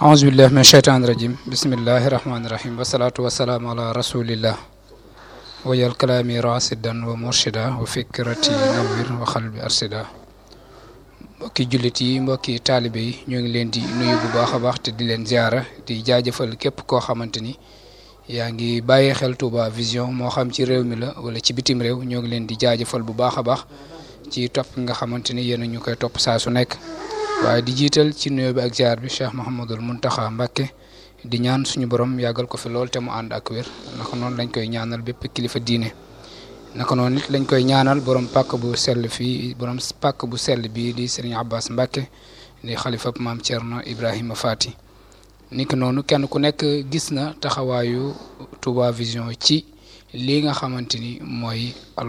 aousubillah min sheytan irajim bismillahi irahmanirahim wasalatu wasalaamu ala rasulillah wajal kalaami rasidan wa murshida wa fikrati nawir wa xalbi arsida mbokki jullit yi mbokki taalibe yi ñoo ngi leen di nuyu bu baax a baax te di leen ziara di jaajëfal képp koo xamante ni yaa ngi bàyyi xel Touba Vision moo xam ci réew mi la wala ci bitim réew ñoo ngi leen di jaajëfal bu baax a baax ci topp nga xamante ni yéen ñu koy topp saa su nekk waaye di jiital ci nuyoo bi ak ziar bi Cheikh Mouhamadul Mountakha Mbacké di ñaan suñu borom yàggal ko fi lool te mu ànd ak wér naka noonu lañ koy ñaanal bépp kilifa diine. naka noonu nit lañ koy ñaanal borom pàkk bu sell fii borom pàkk bu sell bii di Serigne Abbas Mbacké di bu maam Thierno Ibrahima Fati. niki noonu kenn ku nekk gis na taxawaayu Touba Vision ci li nga xamante ni mooy Al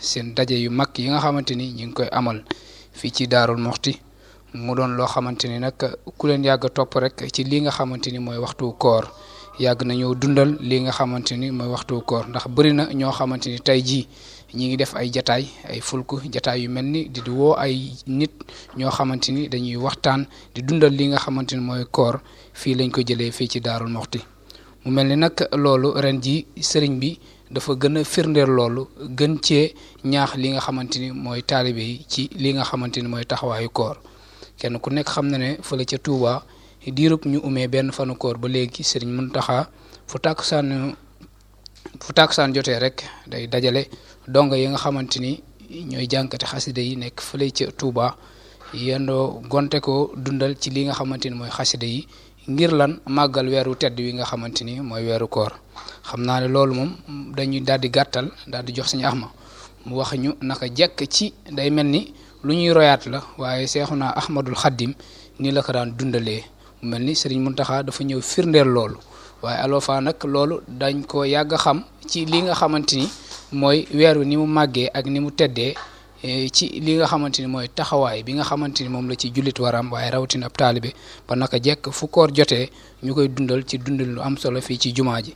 seen daje yu mag yi nga xamante ni ñu ngi koy amal fii mu doon loo xamante ni nag ku leen yàgg a topp rek ci lii nga xamante ni mooy waxtu koor yàgg nañoo dundal lii nga xamante ni mooy waxtu koor ndax bëri na ñoo xamante ni tey jii ñi ngi def ay jataay ay fulku jataay yu mel ni di woo ay nit ñoo xamante ni dañuy waxtaan di dundal li nga xamante ni mooy koor fii lañ ko jëlee fii ci Daarul Muxti mu mel ni nag loolu ren ji sëriñ bi dafa gën a firndeel loolu gën cee ñaax li nga xamante ni mooy taalibe yi ci li nga xamante ni mooy taxawaayu koor kenn ku nekk xam na ne fële ca Touba diirub ñu umee benn fanu koor ba léegi sëriñ taxa fu tàkkusaan fu tàkkusaan jotee rek day dajale donga yi nga xamante ni ñooy jànkati xasida yi nekk fële ca Touba yendoo gonte ko dundal ci li nga xamante ni mooy xasida yi ngir lan màggal weeru tedd wi nga xamante ni mooy weeru koor xam naa ne loolu moom dañuy daal di gàttal daal di jox suñu axma mu wax ñu naka jekk ci day mel ni lu ñuy royaat la waaye seexuna ahmadul xaddim ni la ko daan dundalee mel ni sëriñ Muntaxa dafa ñëw firndeel loolu waaye aloofa nag loolu dañ ko yàgg a xam ci li nga xamante ni mooy weer ni mu màggee ak ni mu teddee e, ci li nga xamante ni mooy taxawaay bi nga xamante ni moom la ci jullit waram waaye rawatina ab taalibe ba naka jekk fu koor jotee ñu koy dundal ci dundal lu am solo fii ci jumaa ji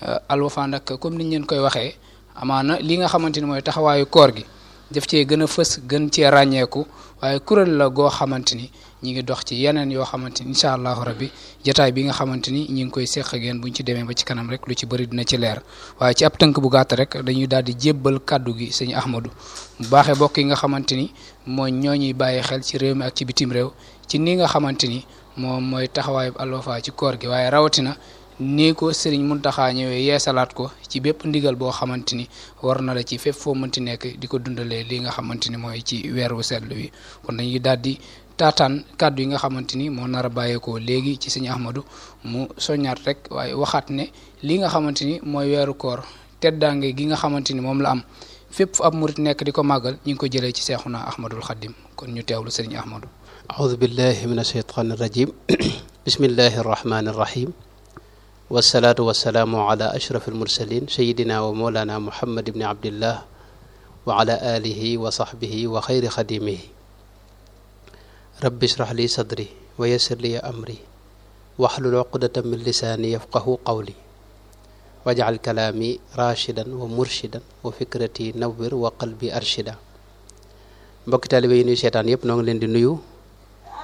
e, Al nag comme niñ leen koy waxee amaana li nga xamante ni mooy taxawaayu koor gi daf cee gën a fës gën cee ràññeeku waaye kuréel la goo xamante ni ñi ngi dox ci yeneen yoo xamante ni incha allahu rabbi jotaay bi nga xamante ni ñi ngi koy seq ak bu ñu ci demee ba ci kanam rek lu ci bëri dina ci leer waaye ci ab tënk bu gàtt rek dañuy daal di jébbal kàddu gi sëñ Ahmadou mu baaxee bokk yi nga xamante ni mooy ñoo ñuy bàyyi xel ci réew mi ak ci bitim réew ci nii nga xamante ni moom mooy taxawaayu Al Wafa ci koor gi waaye rawatina nii ko sëriñ Muntaxa ñëwee salaat ko ci bépp ndigal boo xamante ni war na la ci fépp foo mënti nekk di ko dundalee li nga xamante ni mooy ci weeru seetlu wi kon dañuy daal di taataan kàddu yi nga xamante ni moo nar a bàyyeekoo léegi ci sëñ Ahmadou mu soññaat rek waaye waxaat ne li nga xamante ni mooy weeru koor teddaange gi nga xamante ni moom la am fépp fu ab murit nekk di ko màggal ñu ngi ko jëlee ci seexuna Ahmadul Xadim kon ñu teewlu sëriñ Ahmadou. aoudu billahi min acheytaan irrajim bismillahi arrahmani irrahim wasalaatu wasalaamu ala ashraf almursalin sayidina wa moolana muhammad ibni abdillah wa ala alihi wa sahbihi wa xayri xadimihi rabbi shrah li sadri wa yassir li amri waxlul uqdatan min lisaani yafqahu qawli wajcal kalaami raashidan wa murshidan wa fikrati nawwir wa qalbi arshida yëpp noo ngi leen di nuyu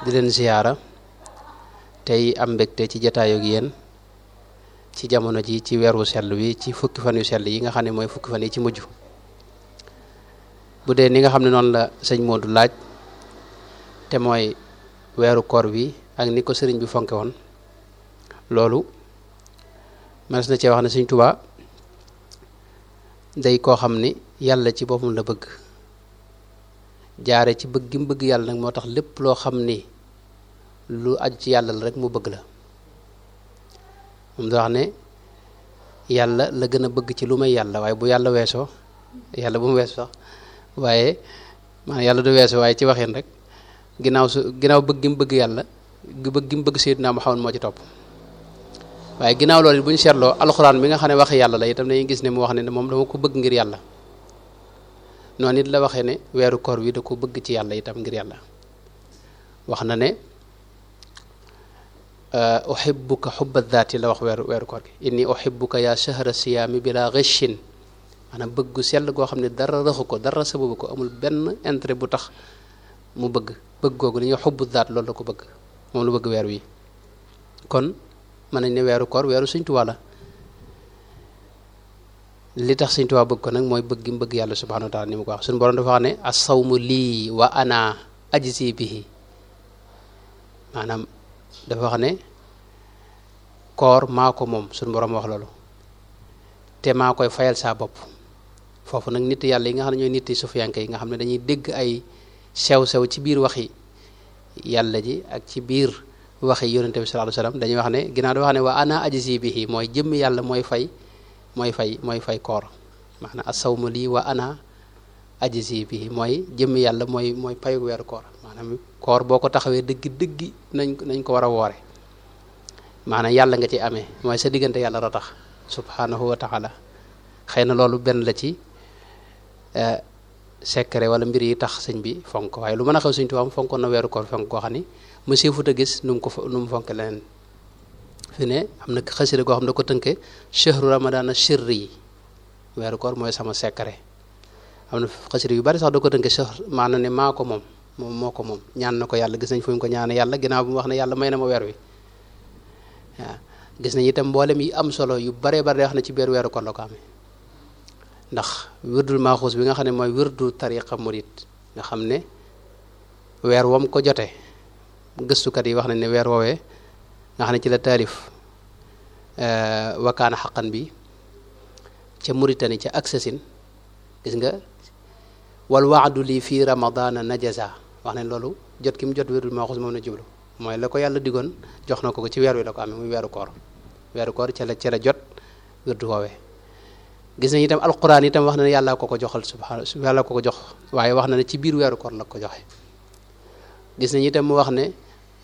di leen ziyaara tey am mbégte ci jataayoo ak ci jamono ji ci weeru sell wi ci fukki fan yu sell yi nga xam ne mooy fukki fan yi ci mujj bu dee ni nga xam ne noonu la sëñ du laaj te mooy weeru koor wi ak ni ko sëriñ bi fonke woon loolu mënees na cee wax ne sëñ Tuubaa day koo xam ni yàlla ci boppam la bëgg jaare ci bëgg gi mu bëgg yàlla nag moo tax lépp loo xam ni lu aju ci yàlla la rek mu bëgg la moom da wax ne yàlla la gën a bëgg ci lu may yàlla waaye bu yàlla weesoo yàlla bu mu wees sax waaye maanaam yàlla du weesu waaye ci waxin rek ginnaaw su ginnaaw bëgg gi mu bëgg yàlla gi bëgg gi mu bëgg Seydina Muhammad moo ci topp waaye ginnaaw loolu bu ñu seetloo alxuraan bi nga xam ne waxi yàlla la itam dañuy gis ne mu wax ne moom dama ko bëgg ngir yàlla noonu it la waxee ne weeru koor wi da ko bëgg ci yàlla itam ngir yàlla wax na ne Uh, uhibbuka xubba daati la wax weeru weeru koor gi inni uhibbuka yaa shahra siyaami bila ghashin maanaam bëggu sell goo xam ne dara raxu ko dara sababu ko amul benn intérêt bu tax mu bëgg bëgg googu li ñuy xubbu daat loolu ko bëgg moom lu bëgg kon mën nañ ne weeru koor weeru Sëñ Tuubaa li tax Sëñ Tuubaa bëgg ko nag mooy bëgg bëgg yàlla subhaanahu wa ni mu ko wax suñu borom dafa wax ne as sawmu lii wa ana ajzi maanaam dafa wax ne koor maa ko moom suñu borom wax loolu te maa koy fayal saa bopp foofu nag nit yàlla yi nga xam ne ñooy nit yi yi nga xam ne dañuy dégg ay sew-sew ci biir waxi yàlla ji ak ci biir waxi yonente bi sallallahu alayhi dañuy wax ne ginnaaw da wax ne waa ana ajzi bihi mooy jëmm yàlla mooy fay mooy fay mooy fay koor maanaam asawma lii wa ana ajzi bihi mooy jëmm yàlla mooy mooy payu weeru koor maanaam koor boo ko taxawee dëgg dëggi nañ nañ ko war a woore maanaam yàlla nga ci amee mooy sa diggante yàlla ra tax subhanahu wa taala xëy na loolu benn la ci e, secret wala mbir yi tax sëñ bi fonk waaye lu mën a xew sëñ Tuubaa fonkoon na weeru koor fonk koo xam ni ma seefut gis nu mu ko nu mu fonk leneen fi ne am na xasida goo xam ne da ko tënke chehru ramadana chirri yi weeru koor mooy sama secret am na xasida yu bari sax da ko tënke chehr maanaam ne maa ko moom moom moo ko moom ñaan na ko yàlla gis nañ fu ñu ko ñaan yàlla ginnaaw bi mu wax ne yàlla may na ma weer wi gis nañ itam mboolem yi am solo yu baree bare wax na ci biir weeru koor la ko bi nga xam ne mooy wirdu tariqa murid nga xam ne weer wam ko jotee gëstukat yi wax nañ ne weer woowee nga xam ne ci la taalif euh, wakaana xaqan bi ca Mauritanie ca Aksasin gis nga wal waadu lii fii ramadana najaza wax ne loolu jot ki mu jot wér ma moom na jublu mooy la ko yàlla digoon jox na ko ko ci weer wi la ko amee muy weeru koor weeru koor ca la ca la jot wérdu woowee gis nañu itam alquran itam wax na ne ko ko joxal subhaana yàlla ko ko jox waaye wax na ne ci biir weeru koor la ko joxe gis nañu itam mu wax ne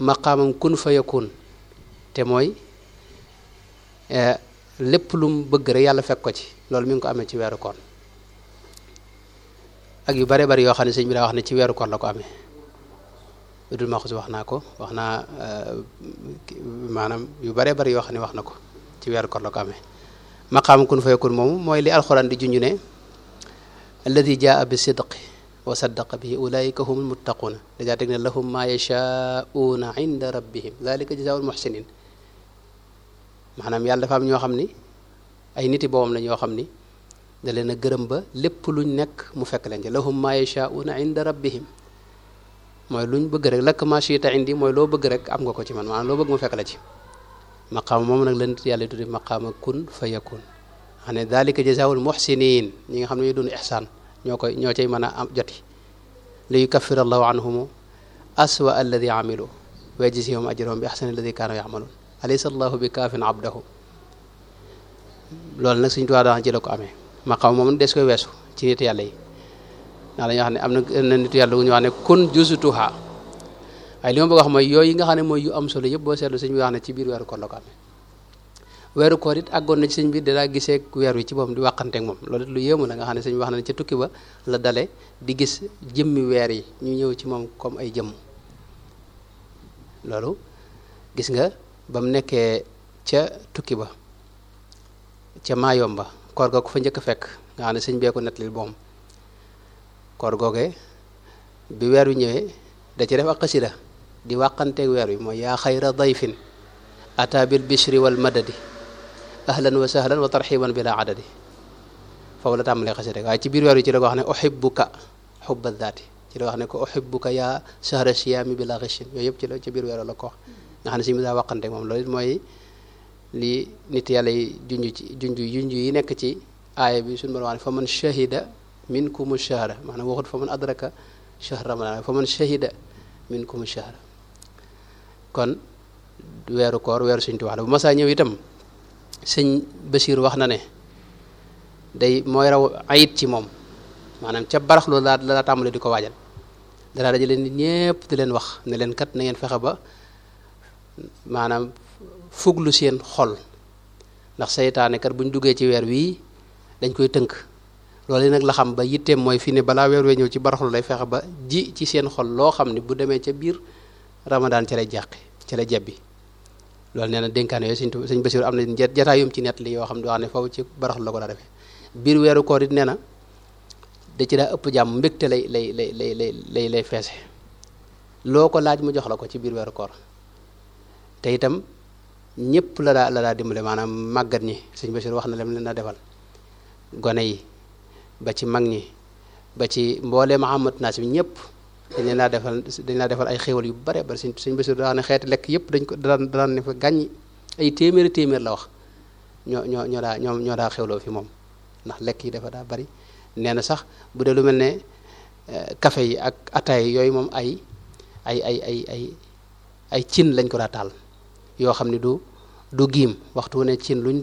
maqaamam kun fa yakun te mooy e, lépp lu mu bëgg rek yàlla fekk ko ci loolu mi ngi ko amee ci weeru koor yu bare bari yoo xam ne sëñ bi daa wax ne ci weeru koor la ko amee ludul wax naa ko wax naa euh, maanaam yu baree bari yoo xam ne wax na ko ci weeru koor la ko amee maqaam kun fayakun moomu mooy li alxuraan di junju ne alladi jaa bi sidqi wa saddaqa bihi ulaika humul muttaquuna dajaa teg ne lahum maa yashaa'uuna inda rabbihim dalika jazaa'ul muhsinin maanaam yàlla dafa am ñoo xam ni ay niti boobam la ñoo xam ni da leen a gërëm ba lépp luñ nekk mu fekk leen ci lahum maa yashaa'uuna inda rabbihim mooy lu ñu bëgg rek lakk ma shiita indi mooy loo bëgg rek am nga ko ci man maanaam loo bëgg mu fekk la ci maqaama moom nag lan yàlla tudde maqaama kun fa yakun xam ne daalika jazaawul muxsiniin ñi nga xam ne ñoo doon ixsaan ñoo koy ñoo cay mën a am joti li yukaffir allahu anhum aswa alladi amilu wa yajzihum ajrahum bi axsani alladi kaanu yamaluun alaysa allahu bi kaafin abdahu loolu nag suñu tuwaa daan ci la ko ame maqaama moom des koy weesu ci nit yàlla yi ndax dañoo xam ne am na na nitu ñu wax ne kun jusutuha waaye li ma bëgg a wax mooy yooyu nga xam ne mooy yu am solo yëpp boo seetlu sëñ bi wax ne ci biir weeru koor la ko amee weeru koor it àggoon na ci sëñ bi dalaa gisee weer wi ci boppam di waxante ak moom loolu lu yéemu la nga xam ne sëñ bi na ne tukki ba la dale di gis jëmmi weer yi ñu ñëw ci moom comme ay jëmm loolu gis nga ba mu nekkee ca tukki ba ca maayomba koor ga ko fa jëkk fekk nga xam ne sëñ bee ko nettali boom koor googee bi weer wi ñëwee da ci def ak xasida di wàqanteeg weer wi mooy yaa xayra dayfin ata bil bishri wal madadi ahlan wa sahlan wa tarxiban bila adadi foofu la tàmbalee xasida waaye ci biir weer wi ci la ko wax ne uhibbuka xubba daati ci la wax ne ko uhibbuka yaa sahra siyaami bila xishin yooyu yëpp ci la ci biir weer la ko wax nga xam ne si mu daa wàqanteeg moom loolu it mooy li nit yàlla yi junj ci junj yi nekk ci aaya bi suñu borom wax ne fa man shahida minkum shahra maanaam waxut fa man adraka shahr ramadan fa man shahida minkum shahra kon weeru koor weeru Sëñ Tuubaa la bu masaa ñëw itam sëñ Bachir wax na ne day mooy raw ayit ci moom maanaam ca barax loolu laa la tàmbale di ko waajal dara dajale nit ñépp di leen wax ne leen kat na ngeen fexe ba maanaam fuglu seen xol ndax seytaane kat bu duggee ci weer wii dañ koy tënk loolu nag la xam ba yitteem mooy fi ne balaa weer wee ñëw ci baraxlu lay fexe ba ji ci seen xol loo xam ne bu demee ca biir ramadaan ca lay jàq ca lay jebbi loolu nee na dénkaan yooyu sëñ sëñ Basiru am na jataayum ci net li yoo xam ne wax ne foofu ci baraxlu la ko daa defee biir weeru koor it nee na da ci daa ëpp jàmm mbégte lay lay lay lay lay lay lay feese loo ko laaj mu jox la ko ci biir weeru koor te itam ñëpp la daa la daa dimbale maanaam màggat ñi sëñ Basiru wax na lem leen na defal gone yi ba ci mag ñi ba ci mboolee Muhammad naas bi ñëpp dañ leen laa defal dañ laa defal ay xewal yu bare bari suñ suñ bés daa ne xeeti lekk yëpp dañ ko daan daan ne fa gàññi ay téeméeri téeméer la wax ñoo ñoo ñoo daa ñoom ñoo daa xewloo fi moom ndax lekk yi dafa daa bari nee na sax bu dee lu mel ne café eh, yi ak ataay yooyu moom ay ay ay ay ay ay cin lañ ko daa taal yoo xam ne du du giim waxtu wu cin luñ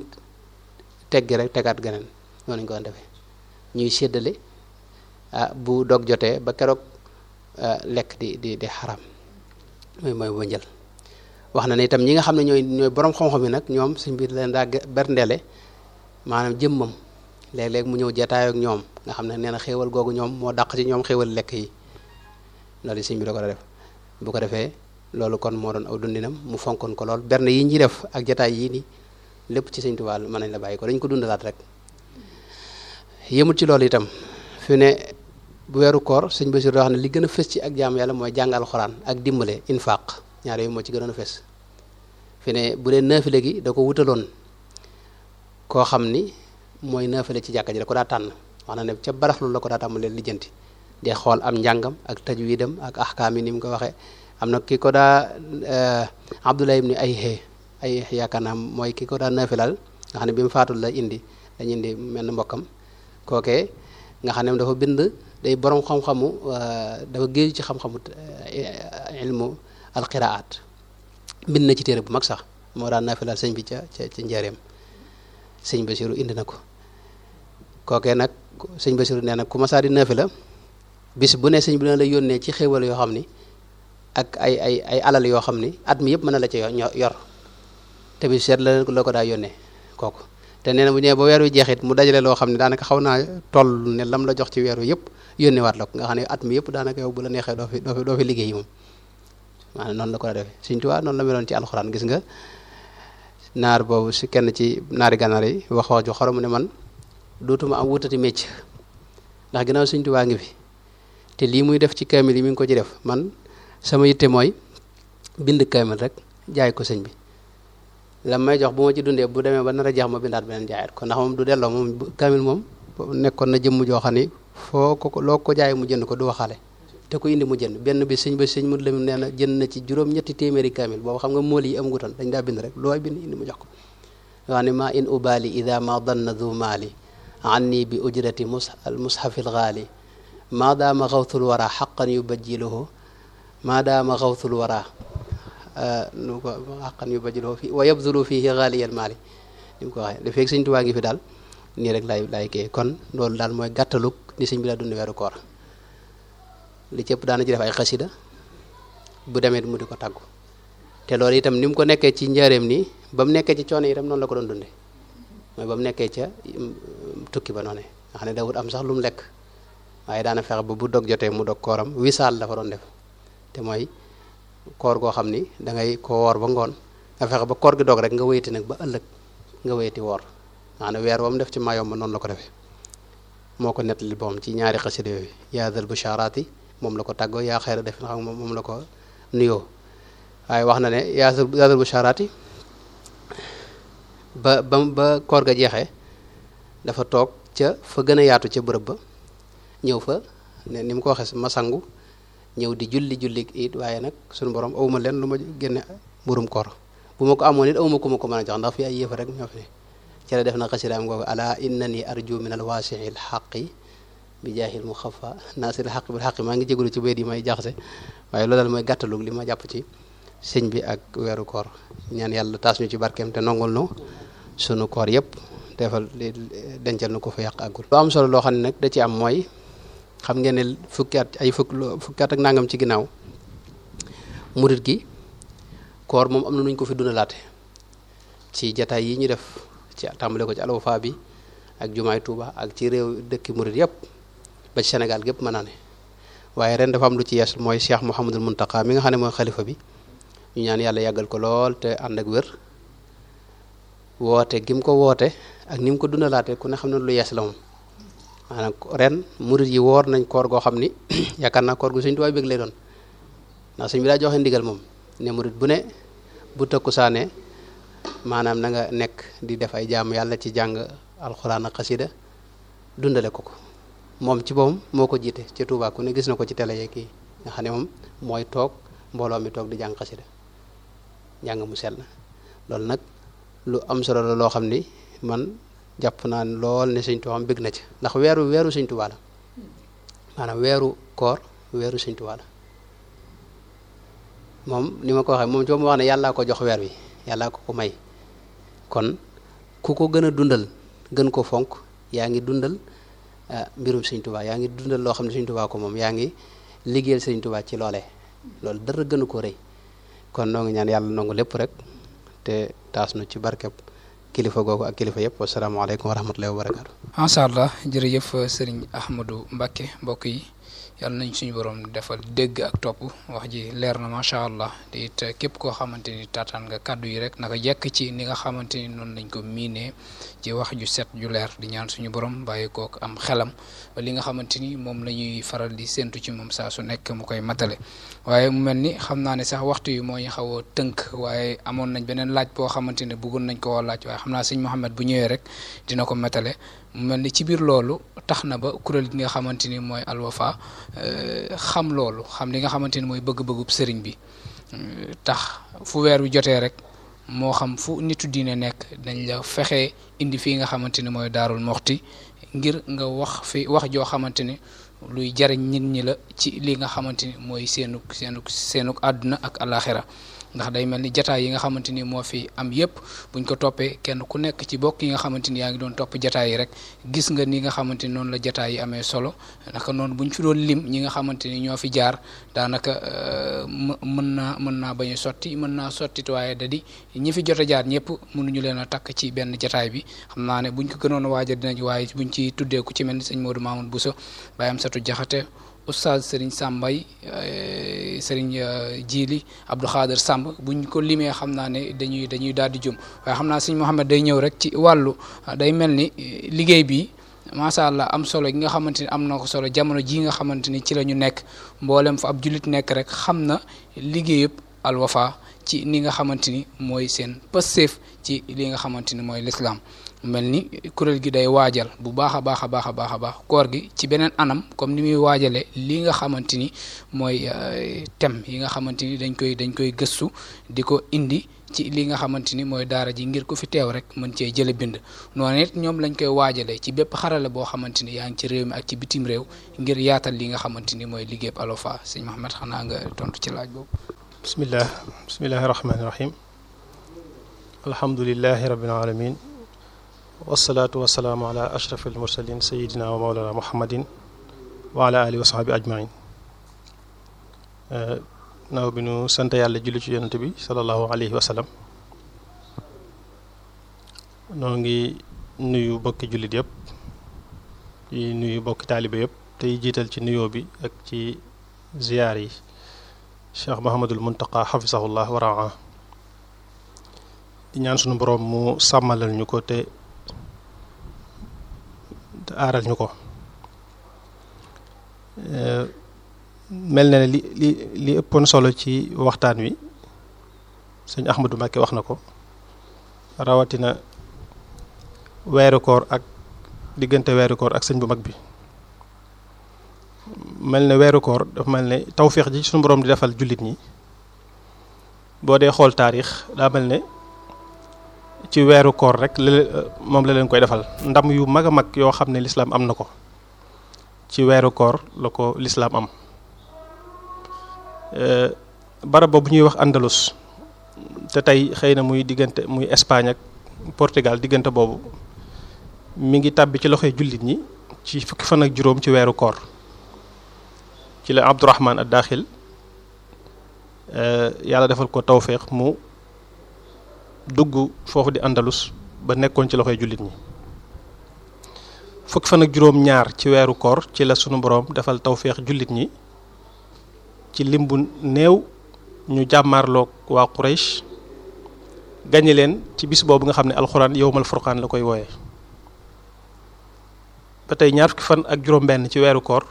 teggi rek tegaat geneen ñoo lañ koo daan defee ñuy séddale ah, bu dog jotee ba keroog ah, lekk di di di xaram mooy mooy wënjël wax na ne itam ñi nga xam ne ñooy ñooy borom xam-xam yi nag ñoom suñ biir leen daa berndeele maanaam jëmmam léeg-léeg mu ñëw jataay ak ñoom nga xam ne nee na xéewal googu ñoom moo daq ci ñoom xéewal lekk yi loolu suñ bi da ko def bu ko defee loolu kon moo doon aw dundinam mu fonkoon ko lool berne yi ñuy def ak jataay yii nii lépp ci Sëñ Tuubaa mën nañ la bàyyi ko dañ ko dundalaat rek yemut ci loolu itam fi ne bu weeru koor sëñ Basiru wax ne li gën a fës ci ak jaamu yàlla mooy jàng alxuraan ak dimbale infaq ñaar yooyu moo ci gënoon a fës fi bu dee naafile gi da ko wutaloon koo xam ni mooy naafile ci jàkka ji da ko daa na ne ca baraxlu la ko daa tàmbalee lijjanti de xool am njàngam ak tajwiidam ak ahkaam yi ni mu ko waxee am na ki ko daa eh, Abdullah ibni Ayhe yaakaar naa mooy ki ko daa naafilal nga xam ne bi mu faatul la indi dañu indi mel ni mbokkam kooke nga xam ne dafa bind day boroom xam-xamu euh, dafa géeju ci xam-xamu euh, ilmu alqiraat bind na ci téere bu mag sax moo daan naafilaal sëñ bi ca ca ca njaareem sëñ Basiru indi na ko kookee nag sëñ Basiru nee na ku masaa di la bis bu ne sëñ bi dina la yónnee ci xéewal yoo xam ni ak ay ay ay alal yoo xam ni at mi yëpp mën na la ca yor te bi seet la la ko daa yónnee kooku te nee na bu ñëwee ba weer jeexit mu dajale loo xam ne daanaka xaw naa toll ne lam la jox ci weeru wi yëpp yónnewaat la ko nga xam ne at mi yëpp daanaka yow bu la neexee doo fi doo fi doo fi moom maanaam noonu la ko defee Sëriñ Tuubaa noonu la meloon ci alxuraan gis nga naar boobu si kenn ci naari ganaar yi wax wax ju xorom ne man dootuma am wutati mécc ndax ginnaaw Sëriñ Tuubaa ngi fi te lii muy def ci kaamil yi mi ngi ko ci def man sama yitte mooy bind kaamil rek jaay ko sëñ bi lam may jox bu ma ci dundee bu demee ba nar a jeex ma bindaat beneen jaayaat ko ndax moom du delloo moom kamil moom nekkoon na jëmm joo xam ni foo ko loo ko jaay mu jënd ko du waxale te ko indi mu jënd benn bi sëñ ba sëñ mu lam nee na jënd na ci juróom-ñetti téeméeri kamil boobu xam nga mool yi am gutoon dañ daa bind rek looy bind indi mu jox ko wax ne ma in ubali ida ma danna du maali anni bi ujrati al mushafi lgaali maadaama xawtul wara xaqan yu bajjiluhu maadaama xawtul wara nu euh, ko xaqan yu bajuloo fi wa yabzulu fihi xaaliyal maali ni mu ko waxee dafeeg sëñ Tuubaa ngi fi daal nii rek lay lay kon loolu daal mooy gàttalug ni sëñ bi dund weeru li cëpp daana ci ay xasida bu demee mu di ko tàggu te loolu itam ni mu ko nekkee ci njaareem nii ba mu nekkee ci coono itam noonu la ko doon dunde mooy ba mu nekkee ca mm, tukki ba noone nga xam ne dawut am sax lu mu lekk waaye daana fexe ba bu dog jotee mu dog kooram wisaal la fa doon def te mooy koor goo xam ni da ngay ko woor ba ngoon nga fexe ba koor gi doog rek nga wéyati nag ba ëllëg nga wéyati woor maanaam weer wam def ci maayom ma noonu la ko defee moo ko nettali boom ci ñaari xasida yooyu yaa dal busharaati moom la ko tàggoo yaa xayra def na xam moom la ko nuyoo waaye wax na ne yaa bu busharaati ba ba ba koor ga jeexee dafa toog ca fa gën a yaatu ca bërëb ba ñëw fa ne ni mu ko waxee ma sangu ñëw di julli julli it waaye nag suñu borom awuma leen lu ma génne mburum koor bu ma ko amoon it awuma ku ma ko mën a jox ndax fi ay yëfa rek ñoo fi ne ci la def na xasidaam googu ala innani arju min al waasiil xaqi bi jaahil mu xafa naasir xaq bi xaq maa ngi jégalu ci wéet yi may jaxase waaye loolu daal mooy gàttalug li ma jàpp ci sëñ bi ak weeru koor ñaan yàlla taas ñu ci barkeem te nongul nu sunu koor yëpp defal dencal nu ko fa yàq ak lu solo loo xam ne nag da ci am mooy xam ngeen ne fukki at ay fukk fukki at ak nangam ci ginnaaw murit gi koor moom am na nuñ ko fi dundalaate ci jataay yi ñu def ci tàmbale ko ci Al bi ak jumaay Touba ak ci réew dëkki murit yëpp ba ci Sénégal gépp mën naa ne waaye ren dafa lu ci yees mooy Cheikh mun Mountakha mi nga xam ne mooy xalifa bi ñu ñaan yàlla yàggal ko lool te ànd ak wér woote gi mu ko woote ak ni mu ko dundalaate ku ne xam ne lu yees la moom maanaam ren murid yi woor nañ koor goo xam ni yaakaar naa koor gu suñ tubaay bëgg lay doon ndax suñ bi daa joxe ndigal moom ne murid bu ne bu tëkku saane maanaam na nga nekk di def ay jaamu yàlla ci jàng alxuraan ak xasida dundale ko ko moom ci boppam moo ko jiite ci Tuubaa ne gis na ko ci télé yeeg kii nga xam ne moom mooy toog mbooloo mi toog di jàng xasida jàng mu sell loolu nag lu am solo la xam ni man jàpp naa ne lool ne sëñ Tuubaa am bëgg na ci ndax weeru weeru sëñ Tuubaa la maanaam weeru koor weeru sëñ Tuubaa la moom ni ma ko waxee moom ci mu wax ne yàllaa ko jox weer wi yàllaa ko ko may kon ku ko gën a dundal gën ko fonk yaa ngi dundal ah, mbirum sëñ yaa ngi dundal loo xam ne sëñ Tuubaa ko moom yaa ngi liggéeyal sëñ Tuubaa ci loole loolu dara gënu ko rëy kon noo ngi ñaan yàlla nangu lépp rek te taas nu ci barkeb kilifa googu ak kilifa yëpp wasalaamaaleykum wa rahmatullahi wa barakaatu. macha allah jërëjëf sëriñ Ahmadou Mbacke mbokk yi. yàlla nañ suñu borom defal dégg ak topp wax ji leer na macha allah it eh, képp koo xamante ni taataan nga kàddu yi rek naka jekk ci ni nga xamante ni noonu lañ ko miinee ci wax ju set ju leer di ñaan suñu borom bàyyi kook am xelam li nga xamante ni moom la ñuy faral di séntu ci moom saa su nekk mu koy matale waaye mu mel ni xam naa ne sax waxtu yi moo ñu xaw tënk waaye amoon nañ beneen laaj boo xamante ne bëggoon nañ koo laaj waaye xam naa sëñ Mouhamed bu ñëwee rek dina ko matale mel ni ci biir loolu tax na ba kuréel gi nga xamante ni mooy alwafa euh, xam loolu xam li nga xamante ni mooy bëgg-bëggub sëriñ bi euh, tax fu weer wi jotee rek moo xam fu nitu diine nekk dañ la fexe indi fii nga xamante ni mooy daarul moxti ngir nga wax fi wax joo xamante ni luy jariñ nit ñi la ci lii nga xamante ni mooy seenuk seenuk seenuk àdduna ak alaxira ndax day mel ni jataay yi nga xamante ni moo fi am yépp buñ ko toppee kenn ku nekk ci bokk yi nga xamante ni yaa ngi doon topp jataay yi rek gis nga ni nga xamante ni noonu la jataay yi amee solo naka noonu buñ fi doon lim ñi nga xamante ni ñoo fi jaar daanaka euh, mën naa mën naa bañ sotti mën naa sottit waaye da ñi fi jot a jaar ñëpp mënuñu leen a takk ci benn jataay bi xam naa ne buñ ko gënoon a waajal dinañ waaye buñ ci tuddeeku ci mel ni sëñ Modou Mamoun Bousso Baye Amsatou Diakhaté oustaz Serigne Sambay eh, Serigne eh, Jili Abdou Khader sàmb buñ ko limee xam naa ne dañuy dañuy daal di jum waaye xam naa Serigne Mohamed day ñëw rek ci wàllu ah, day mel ni eh, liggéey bi macha allah am solo gi nga xamante ni am na ko solo jamono jii nga xamante ni ci la ñu nekk mboolem fa ab jullit nekk rek xam na liggéeyub Al ci ni nga xamante ni mooy seen pësteef ci li nga xamante ni mooy lislaam mel ni kuréel gi day waajal bu baax a baax a baax a baax a baax koor gi ci beneen anam comme ni muy waajalee lii nga xamante ni mooy euh, thème yi nga xamante ni dañ koy dañ koy gëstu di ko indi ci lii nga xamante ni mooy daara ji ngir ko fi teew rek mën cee jële bind noonu it ñoom lañ koy waajalee ci bépp xarale boo xamante ni yaa ngi ci réew mi ak ci bitim réew ngir yaatal li nga xamante ni mooy liggéeyub Alwafa sëñ Mouhamed xanaa nga tontu ci laaj boobu. bismillah bismillahi rahmaani rahim alhamdulillahi rabbil alamin wasalaatu wasalaamu ala ashraf almursalin sayidina wa maolana muhammadin wa ala alihi wa sahbi ajmain eh, naaw bi nu sant yàlla julli ci yonent bi salallahu alayhi wa sallam noo ngi nuyu bokki jullit yëpp nuyu bokki taalibe yëpp tey jiital ci nuyoo bi ak ci ziyaar yi cheikh mahamadul muntaqa xafisahullah wa raa di ñaan sunu boroom mu sàmmalal ñu ko te te aaral ñu ko eh, mel na ne li li li ëppoon solo ci waxtaan wi sëñ Ahmadou Mbacké wax na ko rawatina weeru koor ak diggante weeru koor ak sëñ bu mag bi mel ne weeru koor dafa mel ne tawféex ji suñu borom di defal jullit ñi boo dee xool taarix daa mel ne ci weeru koor rek la moom la leen koy defal ndam yu mag a mag yoo xam ne lislaam am na ko ci weeru koor la ko lislaam am euh, barab boobu ñuy wax Andalus te tey xëy na muy diggante muy Espagne ak Portugal diggante boobu mu ngi tàbbi ci loxoy jullit ñi ci fukki fan ak juróom ci weeru koor ci la Abdourahman ad-Daaxil euh, yàlla defal ko tawféex mu dugg foofu di Andalus ba nekkoon ci loxoy jullit ñi fukki fan ak juróom ñaar ci weeru koor ci la sunu boroom defal tawféex jullit ñi ci lim bu néew ñu jàmmaarloog waa Quraysh gañe leen ci bis boobu nga xam ne alxuraan yowmal furqaan la koy wooye ba tey ñaar fukki fan ak juróom benn ci weeru koor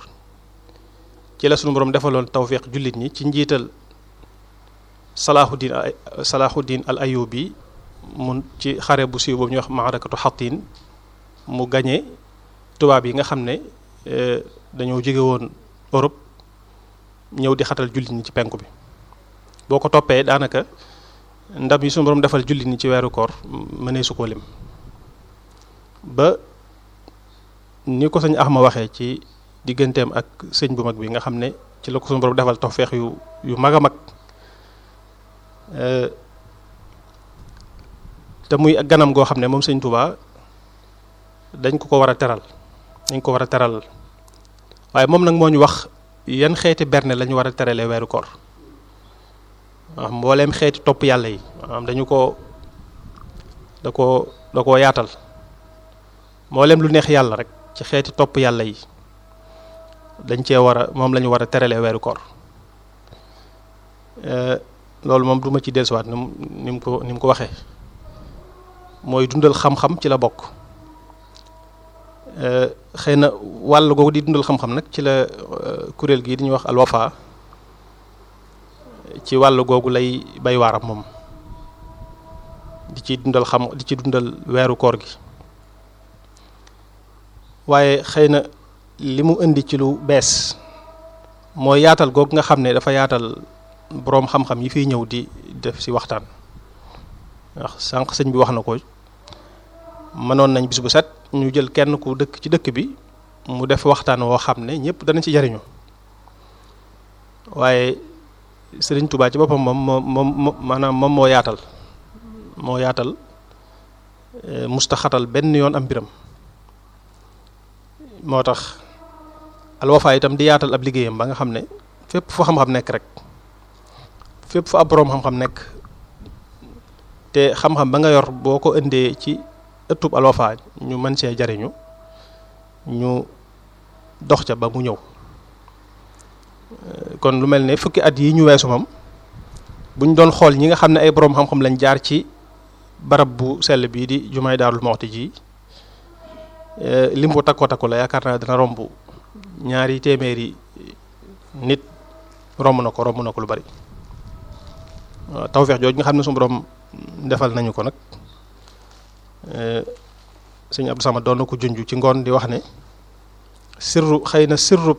ci la sunu boroom defaloon tawféex jullit ñi ci njiital Salaahuddin Salaahuddin al Ayyubi mun ci xare bu siiw boobu ñuy wax maarakatu xatiin mu gañe tubaab yi nga xam ne e, dañoo jógewoon woon Europe ñëw di xatal jullit ñi ci penku bi boo ko toppee daanaka ndam yi suñu borom defal julli ni ci weeru koor mënee su ko lim ba ni ko sëñ Axma waxee ci digganteem ak sëñ bu mag bi nga xam ne ci la ko suñu borom defal tawfeex yu yu mag a mag e, te muy ganam goo xam ne moom sëñ Touba dañ ko ko war a teral dañ ko war a teral waaye moom nag moo ñu wax yan xeeti berne lañu ñu war a teralee weeru koor waaw mbooleem xeeti topp yàlla yi dañu ko da ko da koo yaatal mbooleem lu neex yàlla rek ci xeeti topp yàlla yi dañ cee war a moom lañu ñu war a teralee weeru koor eh, loolu moom duma ci dellusiwaat ni mu ko ni mu ko waxee mooy dundal xam-xam ci la bokk euh, xëy na wàll googu di dundal xam-xam nag ci la euh, kuréel gii di wax Al Wafa ci wàll googu lay bay waaram moom di ci dundal xam di ci dundal weeru koor gi waaye xëy na li mu indi ci lu bees mooy yaatal googu nga xam ne dafa yaatal boroom xam-xam yi fiy ñëw di def ci waxtaan ndax sànq sëñ bi wax na ko mënoon nañ bis bu set ñu jël kenn ku dëkk ci dëkk bi mu def waxtaan woo xam ne ñëpp danañ ci jariñu waaye sëriñ Touba ci boppam moom moom maanaam moom moo yaatal moo yaatal eh, mustaxatal benn yoon am mbiram moo tax alwafa itam di yaatal ab liggéeyam ba nga xam ne fépp fu xam-xam nekk rek fépp fu ab boroom xam-xam nekk te xam-xam ba nga yor boo ko indee ci ëttub Al ñu mën see jariñu ñu dox ca ba mu ñëw euh, kon lu mel ne fukki at yi ñu weesu moom buñ doon xool ñi nga xam ne ay boroom xam-xam lañ jaar ci barab bu sell bii di jumaay Daarul Muxti ji euh, lim bu takko takko la yaakaar naa dina romb ñaari téeméeri nit romb na ko romb na ko lu bari Euh, tawfeex jooju nga xam ne suñu borom defal nañu ko nag euh, sëñ Abdou Samad doon na ko junj ci ngoon di wax ne sirru xëy na sirru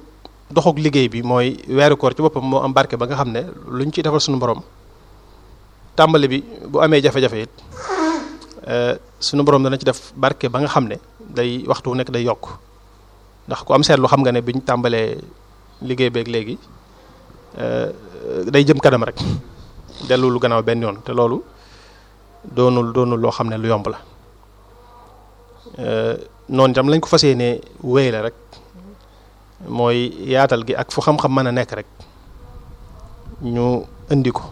doxuk liggéey bi mooy weeru koor ci boppam moo am barke ba nga xam ne lu ñu ciy defal suñu borom tàmbali bi bu amee jafe-jafe it euh, suñu borom dana ci def barke ba nga xam ne day waxtu wu nekk day yokk ndax ku am seet seetlu xam nga ne bi ñu tàmbalee liggéey beeg léegi day jëm kanam rek. dellu lu gannaaw benn yoon te loolu doonul loo xam ne lu yomb la euh, noonu tam lañ ko fas yéenee wéy la rek mooy yaatal gi ak fu xam-xam mën a nekk rek ñu indi ko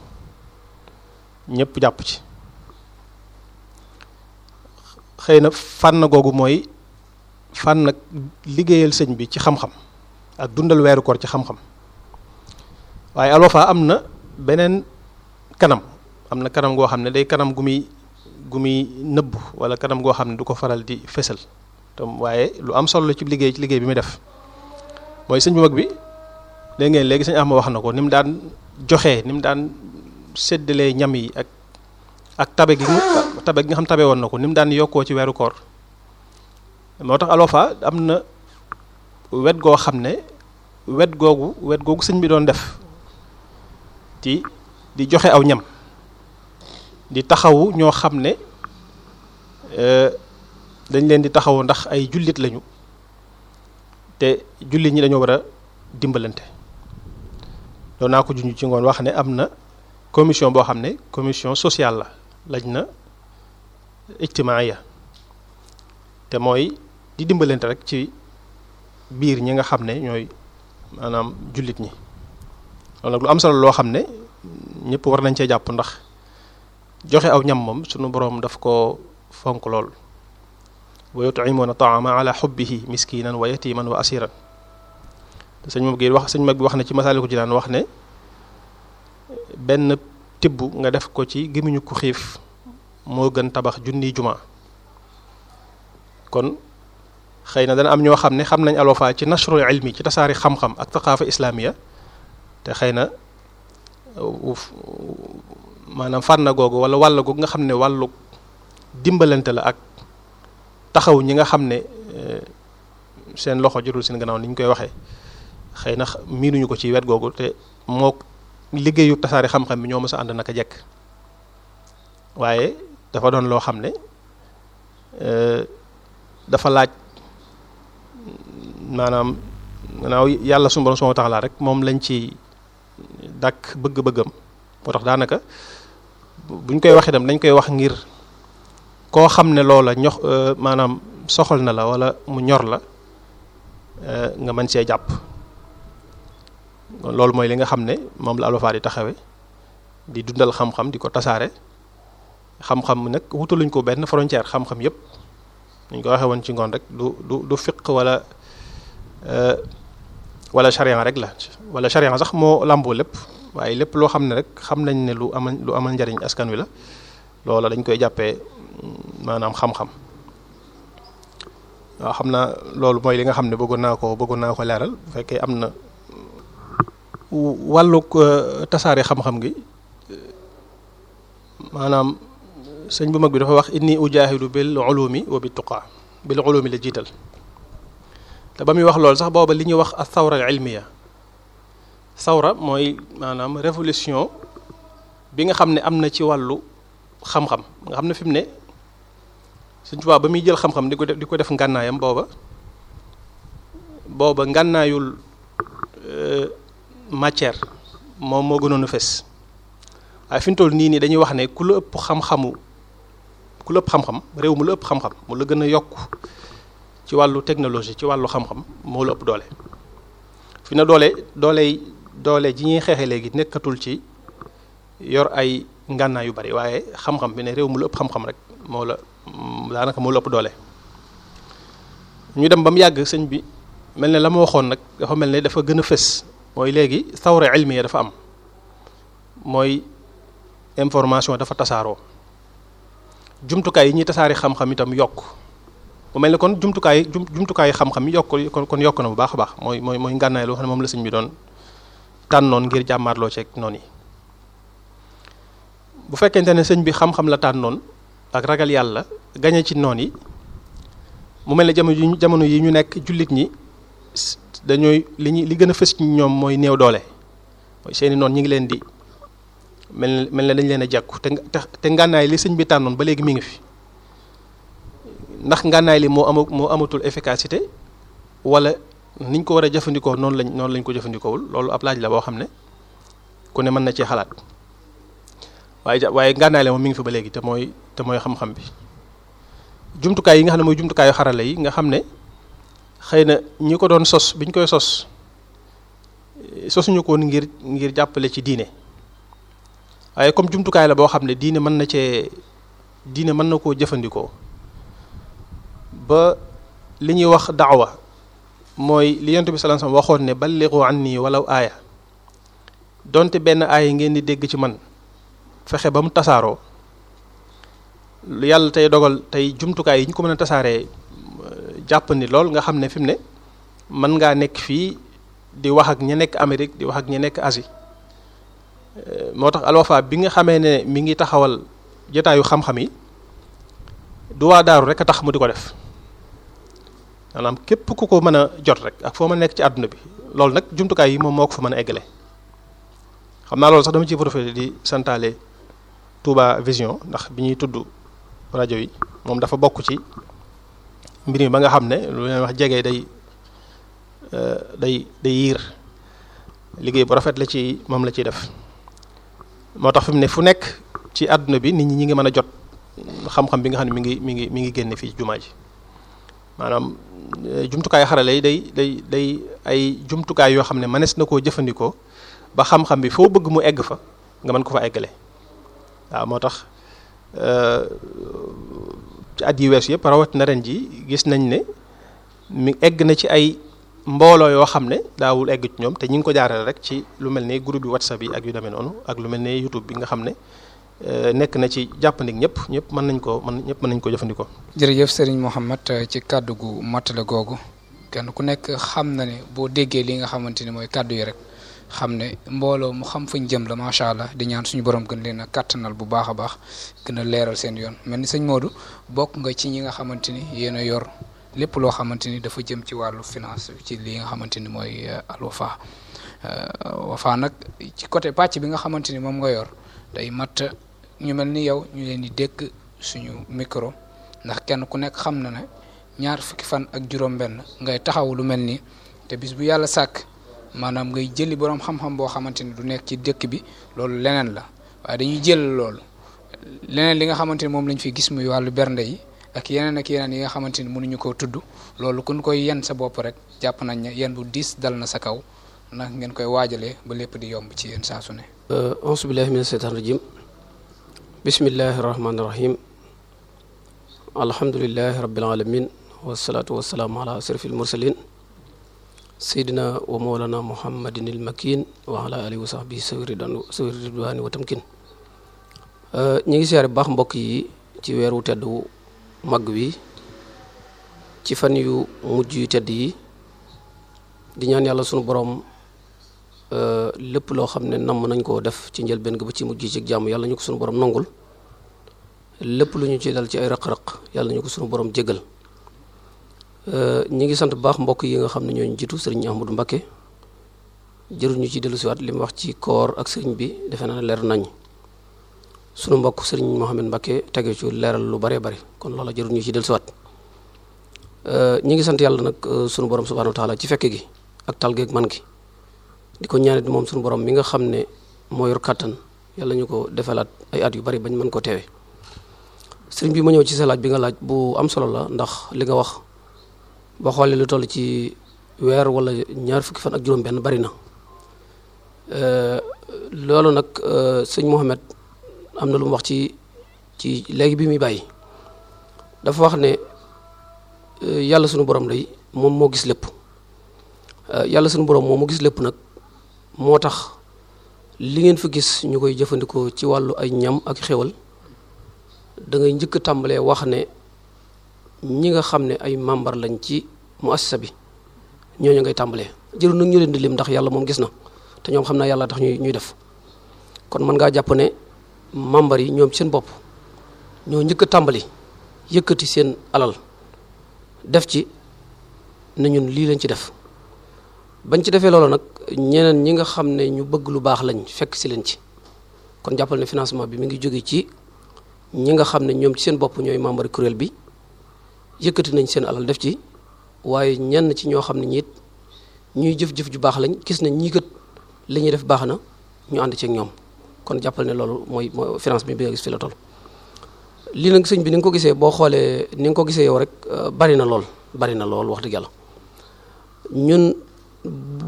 ñëpp jàpp ci xëy na fànn googu mooy fànn liggéeyal sëñ bi ci xam-xam ak dundal weeru koor ci xam-xam waaye Al am na beneen kanam am na kanam goo xam ne day kanam gu muy gu muy nëbb wala kanam goo xam ne du ko faral di fësal waaye lu am solo la ci liggéey ci liggéey bi muy def mooy sëñ bu mag bi léegi ngeen léegi sañ am wax na ko ni mu daan joxe ni mu daan séddalee ñam yi ak ak tabe gi nga xam tabe woon na ko ni mu daan yokkoo ci weeru koor moo tax alofa am na wet goo xam ne wet googu wet googu sëñ bi doon def ci di joxe aw ñam di taxawu ñoo xam ne e, dañ leen di taxawu ndax ay jullit lañu te jullit ñi dañoo war a dimbalante doon naa ko juñu ci ngoon wax ne am na commission boo xam ne commission sociale la lañ na ya te mooy di dimbalante rek ci biir ñi nga xam ne ñooy maanaam jullit ñi loolu nag lu am loo xam ne ñépp war nañ cee jàpp ndax joxe aw ñam moom sunu boroom daf ko fonk lool wa yut'imuuna ta'ama ala hubbihi miskinan wa yatiman wa asiran te sëñ mag gi wax sëñ mag wax na ci masaaliku ji naan wax ne benn tibb nga def ko ci gémmiñu ku moo gën tabax junniy juma kon xëy na dana am ñoo xam ne xam nañ Al Wafa ci nashrul ilmi ci tasaari xam-xam ak thaqaafa islamiya te xëy na maanaam na googu wala wàll googu nga xam ne wàllu dimbalante la ak taxaw ñi nga xam ne eh, seen loxo jotul seen gannaaw ni ñu koy waxee xëy na miinuñu ko ci wet googu te moo liggéeyu tasaare xam-xam bi ñoo mës a ànd naka jekk waaye dafa doon loo xam ne eh, dafa laaj maanaam maanaam yàlla sunu borom subhaanahu wa rek moom lañ ci dak bëgg-bëggam moo tax daanaka buñ koy waxee dem dañ koy wax ngir koo xam ne loola ñox euh, maanaam soxal na la wala mu ñor la euh, nga mën see jàpp loolu mooy li nga xam ne moom la alwafaat yi taxawe di dundal xam-xam di ko tasaare xam-xam nag wutaluñ ko benn frontière xam-xam yëpp ñu ko waxee woon ci ngoon rek du du du fiq wala euh, wala charia rek la wala charia sax moo làmboo lépp waaye lépp loo xam ne rek xam nañ ne lu amal lu amal njariñ askan wi la loola dañ koy jàppee mm, maanaam xam-xam waaw xam naa loolu mooy li nga xam ne bëggoon naa ko bëggoon naa ko leeral bu fekkee am na wàllug euh, tasaare xam-xam gi euh, maanaam sëñ bu mag bi dafa wax inni ujaahidu bil ulumi wa bit tuqa bil ulumi la jiital te ba muy wax loolu sax booba li ñuy wax a sawra al ilmiya sawra mooy maanaam révolution bi nga xam ne am na ci wàllu xam-xam nga xam ne fi mu ne Sëñ Tuubaa ba muy jël xam-xam di ko def di ko def ngànnaayam booba booba ngànnaayul euh, matière moom moo gënoon a fes waaye fi mu toll nii nii dañuy wax ne ku la ëpp xam-xamu ku la ëpp xam-xam réew mu la ëpp xam-xam mu la gën a yokk ci wàllu technologie ci wàllu xam-xam moo la ëpp doole fi na doole doole doole ji ñuy xeexee léegi nekkatul ci yor ay ngànnaay yu bari waaye xam-xam bi ne réew mu la ëpp xam-xam rek moo la daanaka moo la ëpp doole ñu dem ba mu yàgg sëñ bi mel ne la ma waxoon nag dafa mel ne dafa gën a fës mooy léegi sawra ilmiya dafa am mooy information dafa tasaaroo jumtukaay yi ñuy tasaari xam-xam itam yokk bu mel ne kon jumtukaay jum jumtukaay xam-xam yi yokk kon kon yokk na bu baax a baax mooy mooy mooy ngànnaay loo xam ne moom la sëñ bi doon tànnoon ngir jàmmaarloo ceeg noonu bu fekkente ne sëñ bi xam-xam la tànnoon ak ragal yàlla gañe ci noon yi mu mel ne jamono jamono yi ñu nekk jullit ñi dañooy li ñu li gën a fës ci ñoom mooy néew doole mooy seeni noon ñi ngi leen di mel mel ne dañ leen a jàkku te te ngànnaay li sëñ bi tànnoon ba léegi mi ngi fi ndax ngànnaay li moo ama moo amatul efficacité wala niñ ko war a jëfandikoo noonu lañ noonu lañ ko jëfandikoowul loolu ab laaj la boo xam ne ku ne mën na cee xalaat waaye waaye ngànnaay la moom mi ngi fi ba léegi te mooy te mooy xam-xam bi jumtukaay yi nga xam ne mooy jumtukaayu xarala yi nga xam ne xëy na ñi ko doon sos biñ koy sos sosuñu ko ngir ngir jàppale ci diine waaye comme jumtukaay la boo xam ne diine mën na cee diine mën na koo jëfandikoo ba li ñuy wax daawa mooy li yonent bi sallallahu alayhi wasallam waxoon ne ballighu anni walaw aaya donte benn aaya ngeen di dégg ci man fexe ba mu tasaaroo yàlla tey dogal tey jumtukaay yi ko mën a tasaaree jàpp ni lool nga xam ne fi mu ne mën ngaa nekk fii di wax ak ña nekk Amérique di wax ak ña nekk Asie moo tax alwafa bi nga xamee ne mi ngi taxawal jotaayu xam-xam yi du waa daaru rek a tax mu di ko def maanaam képp ku ko mën a jot rek ak foo mën a nekk ci àdduna bi loolu nag jumtukaay yi moom moo ko fa mën a eggale xam naa loolu sax dama ciy profité di santaale Touba Vision ndax bi ñuy tudd rajo yi moom dafa bokk ci mbir mi ba nga xam ne lu leen wax jege day euh, day day yiir liggéey bu rafet la ci moom la ciy def moo tax fi mu ne fu nekk ci àdduna bi nit ñi ñi ngi mën a jot xam-xam bi nga xam ne mi ngi mi ngi mi ngi génne fii jumaa ji maanaam eh, jumtukaay xarala yi day day day ay jumtukaay yoo xam ne mënees na koo jëfandikoo ba xam-xam bi foo bëgg mu egg fa nga man ko fa eggale waaw moo tax ci eh, at yi weesu yëpp rawat na ren ji gis nañ ne mi egg na ci ay mbooloo yoo xam ne daawul egg ci ñoom te ñi ngi ko jaarale rek ci lu mel ne groupe bi whatsapp yi ak yu demee noonu ak lu mel ne youtube bi nga xam ne Euh, nekk na ci jàppandik ñëpp ñëpp mën nañ ko mën ñëpp mën nañ ko jëfandikoo. jërëjëf sëriñ moo xam Mouhamed euh, ci kàddu gu matale googu kenn ku nekk xam na ne boo déggee li nga xamante ni mooy kàddu yi rek xam ne mbooloo mu xam fuñ jëm la macha allah di ñaan suñu borom gën leen a kàttanal bu baax a baax a leeral seen yoon mel ni sëñ Modou bokk nga ci ñi nga xamante ni yéen a yor lépp loo xamante ni dafa jëm ci wàllu finance ci li nga xamante ni mooy euh, Al Wafa nag ci côté pàcc bi nga xamante ni moom nga yor day mat. ñu mel ni yow ñu leen di dëkk suñu micro ndax kenn ku nekk xam na na ñaar fukki fan ak juróom-benn ngay taxaw lu mel nii te bis bu yàlla sàkk maanaam ngay jëli boroom xam-xam boo xamante ni du nekk ci dëkk bi loolu leneen la waaye dañuy jël loolu leneen li nga xamante ni moom lañ fi gis muy wàllu bernde yi ak yeneen ak yeneen yi nga xamante ni mënuñu koo tudd loolu kun koy yen sa bopp rek jàpp nañ ne yen bu diis dal na sa kaw ndax ngeen koy waajalee ba lépp di yomb ci yéen saa su bismillahi rahmaani rahim alhamdulilahi rabbil alamin wasalaatu wasalaamu ala asrafil mursalin seydina wa mawlana muhammadin il makin wa ala alihi wa sahbihi sawiri ridwaani wa tamkin uh, ñi ngi siyaare baax mbokk yi ci weeru tedd wu mag wi ci fan yu mujj yu tedd yi di ñaan yàlla sunu borom uh, lépp loo xam ne namm nañ koo def ci njëlbeen gi ba ci mujj ci jàmm yàlla ñu ko suñu borom nangul lépp lu ñu ci dal ci ay raq-raq yàlla ñu ko suñu borom jégal euh, ñi ngi sant bu baax mbokk yi nga xam ne ñooñu jiitu sëriñ Ahmadou Mbacké jërul ci dellusiwaat li mu wax ci koor ak sëriñ bi defe naa leer nañ sunu mbokk sëriñ Mouhamed Mbacké tege ci leeral lu bare bare kon loola jërul ñu ci dellusiwaat euh, ñi ngi sant yàlla nag euh, sunu borom subhanahu wa ci fekk gi ak tal geeg man gi di ko ñaanit moom suñu borom mi nga xam ne moo yor kàttan yàlla ñu ko defalaat ay at yu bari bañ mën ko teewe sëriñ bi ma ñëw ci sa bi nga laaj bu am solo la ndax li nga wax ba xoolee lu toll ci weer wala ñaar fan ak juróom bari na loolu nag e, sëñ Mouhamed am na lu wax ci ci léegi bi muy bàyyi dafa wax ne e, yàlla sunu borom moom moo gis lépp e, yàlla sunu borom moom moo gis lépp nag. moo tax li ngeen fa gis ñu koy jëfandikoo ci wàllu ay ñam ak xéwal da ngay njëkk tàmbalee wax ne ñi nga xam ne ay membre lañ ci muassasa bi ñooñu ngay tàmbalee. jëru nag ñu leen di lim ndax yàlla moom gis na te ñoom xam naa yàlla tax ñuy ñuy def kon mën ngaa jàpp ne membre yi ñoom seen bopp ñoo njëkk a tàmbali yëkkati seen alal def ci ne ñun lii lañ ci def bañ ci defee loolu nag. ñeneen ñi nga xam ne ñu bëgg lu baax lañ fekk si leen ci kon jàppal ne financement bi mu ngi jóge ci ñi nga xam ne ñoom ci seen bopp ñooy membre kuréel bi yëkkati nañ seen alal def ci waaye ñenn ci ñoo xam ne ñiit ñuy jëf-jëf ju baax lañ gis nañ ñii kat li ñuy def baax na ñu ànd ci ñoom kon jàppal ne loolu mooy mooy finance bi bi nga gis fi la toll. lii nag sëñ bi ni nga ko gisee boo xoolee ni nga ko gisee yow rek euh, bari na lool bari na lool wax dëgg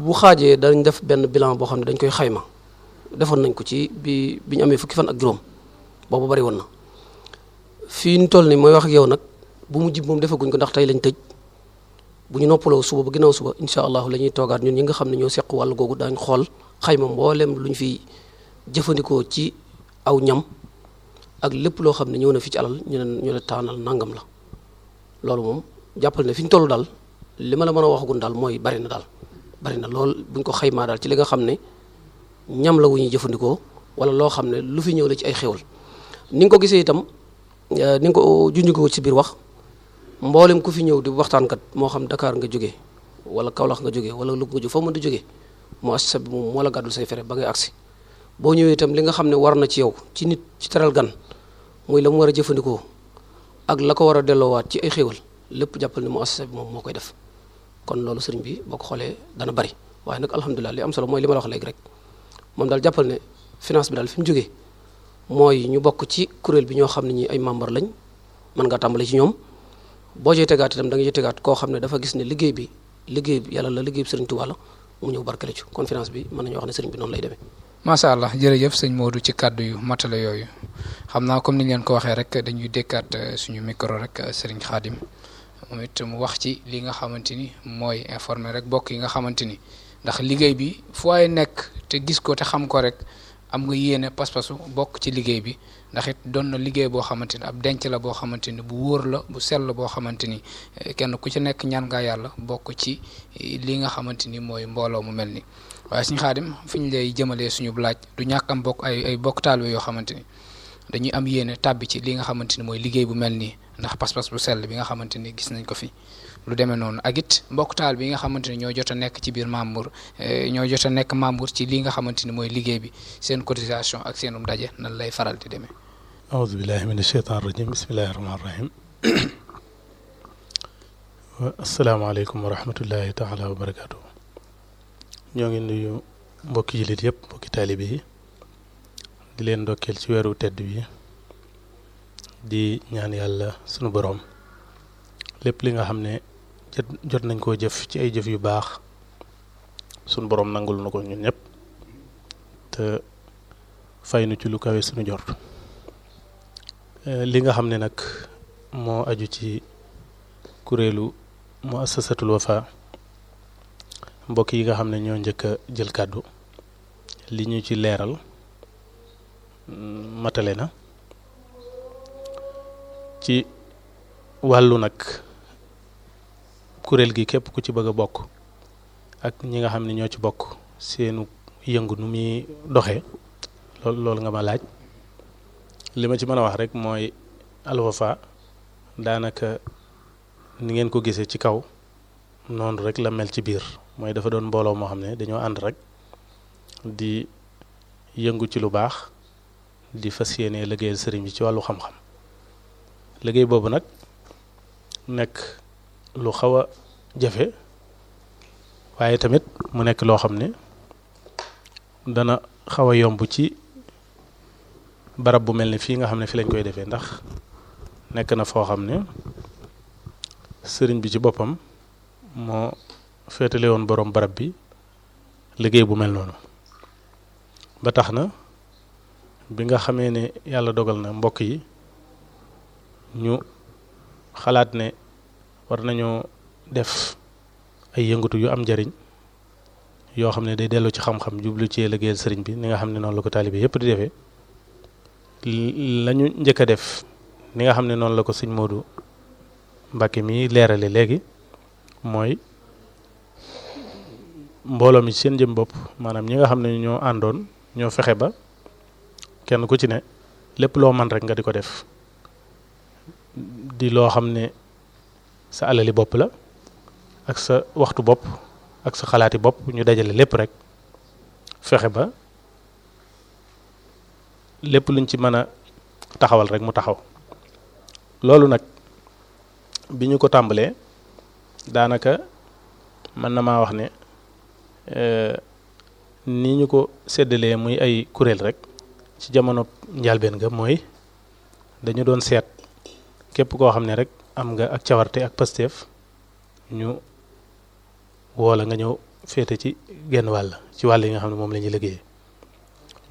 bu xaajee dañ def benn bilan boo xam ne dañ koy xayma defoon nañ ko ci bi bi ñu amee fukki fan ak juróom boobu bari woon na fii ñu toll mooy wax yow nag bu mu jib moom defaguñ ko ndax tey lañ tëj bu noppaloo suba ba ginnaaw suba incha allahu la ñuy toogaat ñun ñi nga xam ne ñoo seq wàll googu daañ xool xayma mbooleem lu ñu fiy jëfandikoo ci aw ñam ak lépp loo xam ne ñëw na fi ci alal ñu ne ñu ne taanal nangam la loolu moom jàppal ne fi ñu toll daal li ma la mën a waxagun daal mooy bari na daal bari na lool bu ñu ko xaymaa daal ci li nga xam ne ñam la wu ñuy jëfandikoo wala loo xam ne lu fi ñëw la ci ay xewal ni nga ko gisee itam euh, ni nga ko junj ko ci biir wax mboolem ku fi ñëw di waxtaankat moo xam Dakar nga jóge wala Kaolack nga jógee wala Louga nga jógee foo mën di jógee moo assisa moom moo la say fere ba ngay agsi boo ñëwee itam li nga xam ne war na ci yow ci nit ci teral gan muy la mu war a jëfandikoo ak la ko war a delloowaat ci ay xéwal lépp jàppal ne mu assisa moom moo koy def kon loolu sëriñ bi boo ko xoolee dana bari waaye nag alhamdulilah li am solo mooy li ma la wax léegi rek moom daal jàppal ne finance bi daal fi mu jógee mooy ñu bokk ci kuréel bi ñoo xam ne ñi ay membre lañ mën ngaa tàmbale ci ñoom boo jee tegaat itam da nga tegaat koo xam ne dafa gis ne liggéey bi liggéey bi yàlla la liggéey bi sëriñ Tuubaa mu ñëw barkale ci kon finance bi mën nañu wax ne sëriñ bi noonu lay deme macha allah jërëjëf sëñ Modou ci kàddu yu matale yooyu xam naa comme ni ñu ko waxee rek dañuy dékkaat eh, suñu micro rek eh, sëriñ Xaadim moom it mu wax ci li nga xamante ni mooy informer rek bokk yi nga xamante ni ndax liggéey bi foo ay nekk te gis ko te xam ko rek am nga yéene pas-pasu bokk ci liggéey bi ndax it doon na liggéey boo xamante ni ab denc la boo xamante ni bu wóor la bu sell boo xamante ni eh, kenn ku ci nekk ñaan ngaa yàlla bokk ci eh, lii nga xamante ni mooy mbooloo mu mel ni waaye suñu xaadim fi ñu lay jëmalee suñu laaj du ñàkk am bokk ay ay bokk taalibe yoo xamante ni dañuy am yéene ni mooy liggéey mel ndax pas-pas bu sell bi nga xamante ni gis nañ ko fi lu demee noonu ak it mbokk taal bi nga xamante ni ñoo jot a nekk ci biir membre eh, ñoo jot a nekk membre ci lii nga xamante ni mooy liggéey bi seen cotisation ak seenum daje nan lay faral di demee aoudu billahi min asheytan rajim bismillahi rahmaani rahim asalaamaaleykum wa rahmatullahi taala wa barakaatu ñoo ngi nuyu mbokki jullit yëpp mbokki taalibe yi di leen ndokkeel ci weeru tedd bi di ñaan yàlla sunu boroom lépp li nga xam ne jot nañ koo jëf ci ay jëf yu baax sunu boroom nangul na ko ñun ñëpp te fay nu ci lu kawe sunu jort li nga xam ne nag moo aju ci kuréelu mu assasatul fa mbokk yi nga xam ne ñoo njëkk a jël kàddu li ñu ci leeral mm, matale na ci wàllu nag kuréel gi képp ku ci bëgg a bokk ak ñi nga xam ne ñoo ci bokk seenu yëngu nu muy doxe lool loolu nga ma laaj li ma ci mën a wax rek mooy Al daanaka ni ngeen ko gisee ci kaw noonu rek la mel ci biir mooy dafa doon mbooloo moo xam ne dañoo ànd rek di yëngu ci lu baax di fas yéene liggéeyal sëriñ bi ci wàllu xam-xam liggéey boobu nag nekk lu xaw a jafe waaye tamit mu nekk loo xam ne dana xaw a yomb ci barab bu mel ni fii nga xam ne fi lañ koy defee ndax nekk na foo xam ne sëriñ bi ci boppam moo féetale woon boroom barab bi liggéey bu mel noonu ba tax na bi nga xamee ne yàlla dogal na mbokk yi ñu xalaat ne war nañoo def ay yëngatu yu am njariñ yoo xam ne day dellu ci xam-xam jublu ci liggéeyal sëriñ bi ni nga xam ne noonu la ko taalibe yépp di defee lañu njëkk a def ni nga xam ne noonu la ko sëñ Moodu Mbàkke mi leerale léegi mooy mbooloo mi seen jëm bopp maanaam ñi nga xam ne ñoo àndoon ñoo fexe ba kenn ku ci ne lépp loo man rek nga di ko def di loo xam ne sa alali bopp la ak sa waxtu bopp ak sa xalaati bopp ñu dajale lépp rek fexe ba lépp luñ ci mën a taxawal rek mu taxaw loolu nag bi ñu ko tàmbalee daanaka mën na maa wax ne eh, ni ñu ko seddalee muy ay kuréel rek ci jamono njàlbeen ga mooy dañu doon seet képp koo xam ne rek am nga ak cawarte ak pasteef ñu woola nga ñëw féete ci genn wàll ci wàll yi nga xam ne moom la ñuy liggéey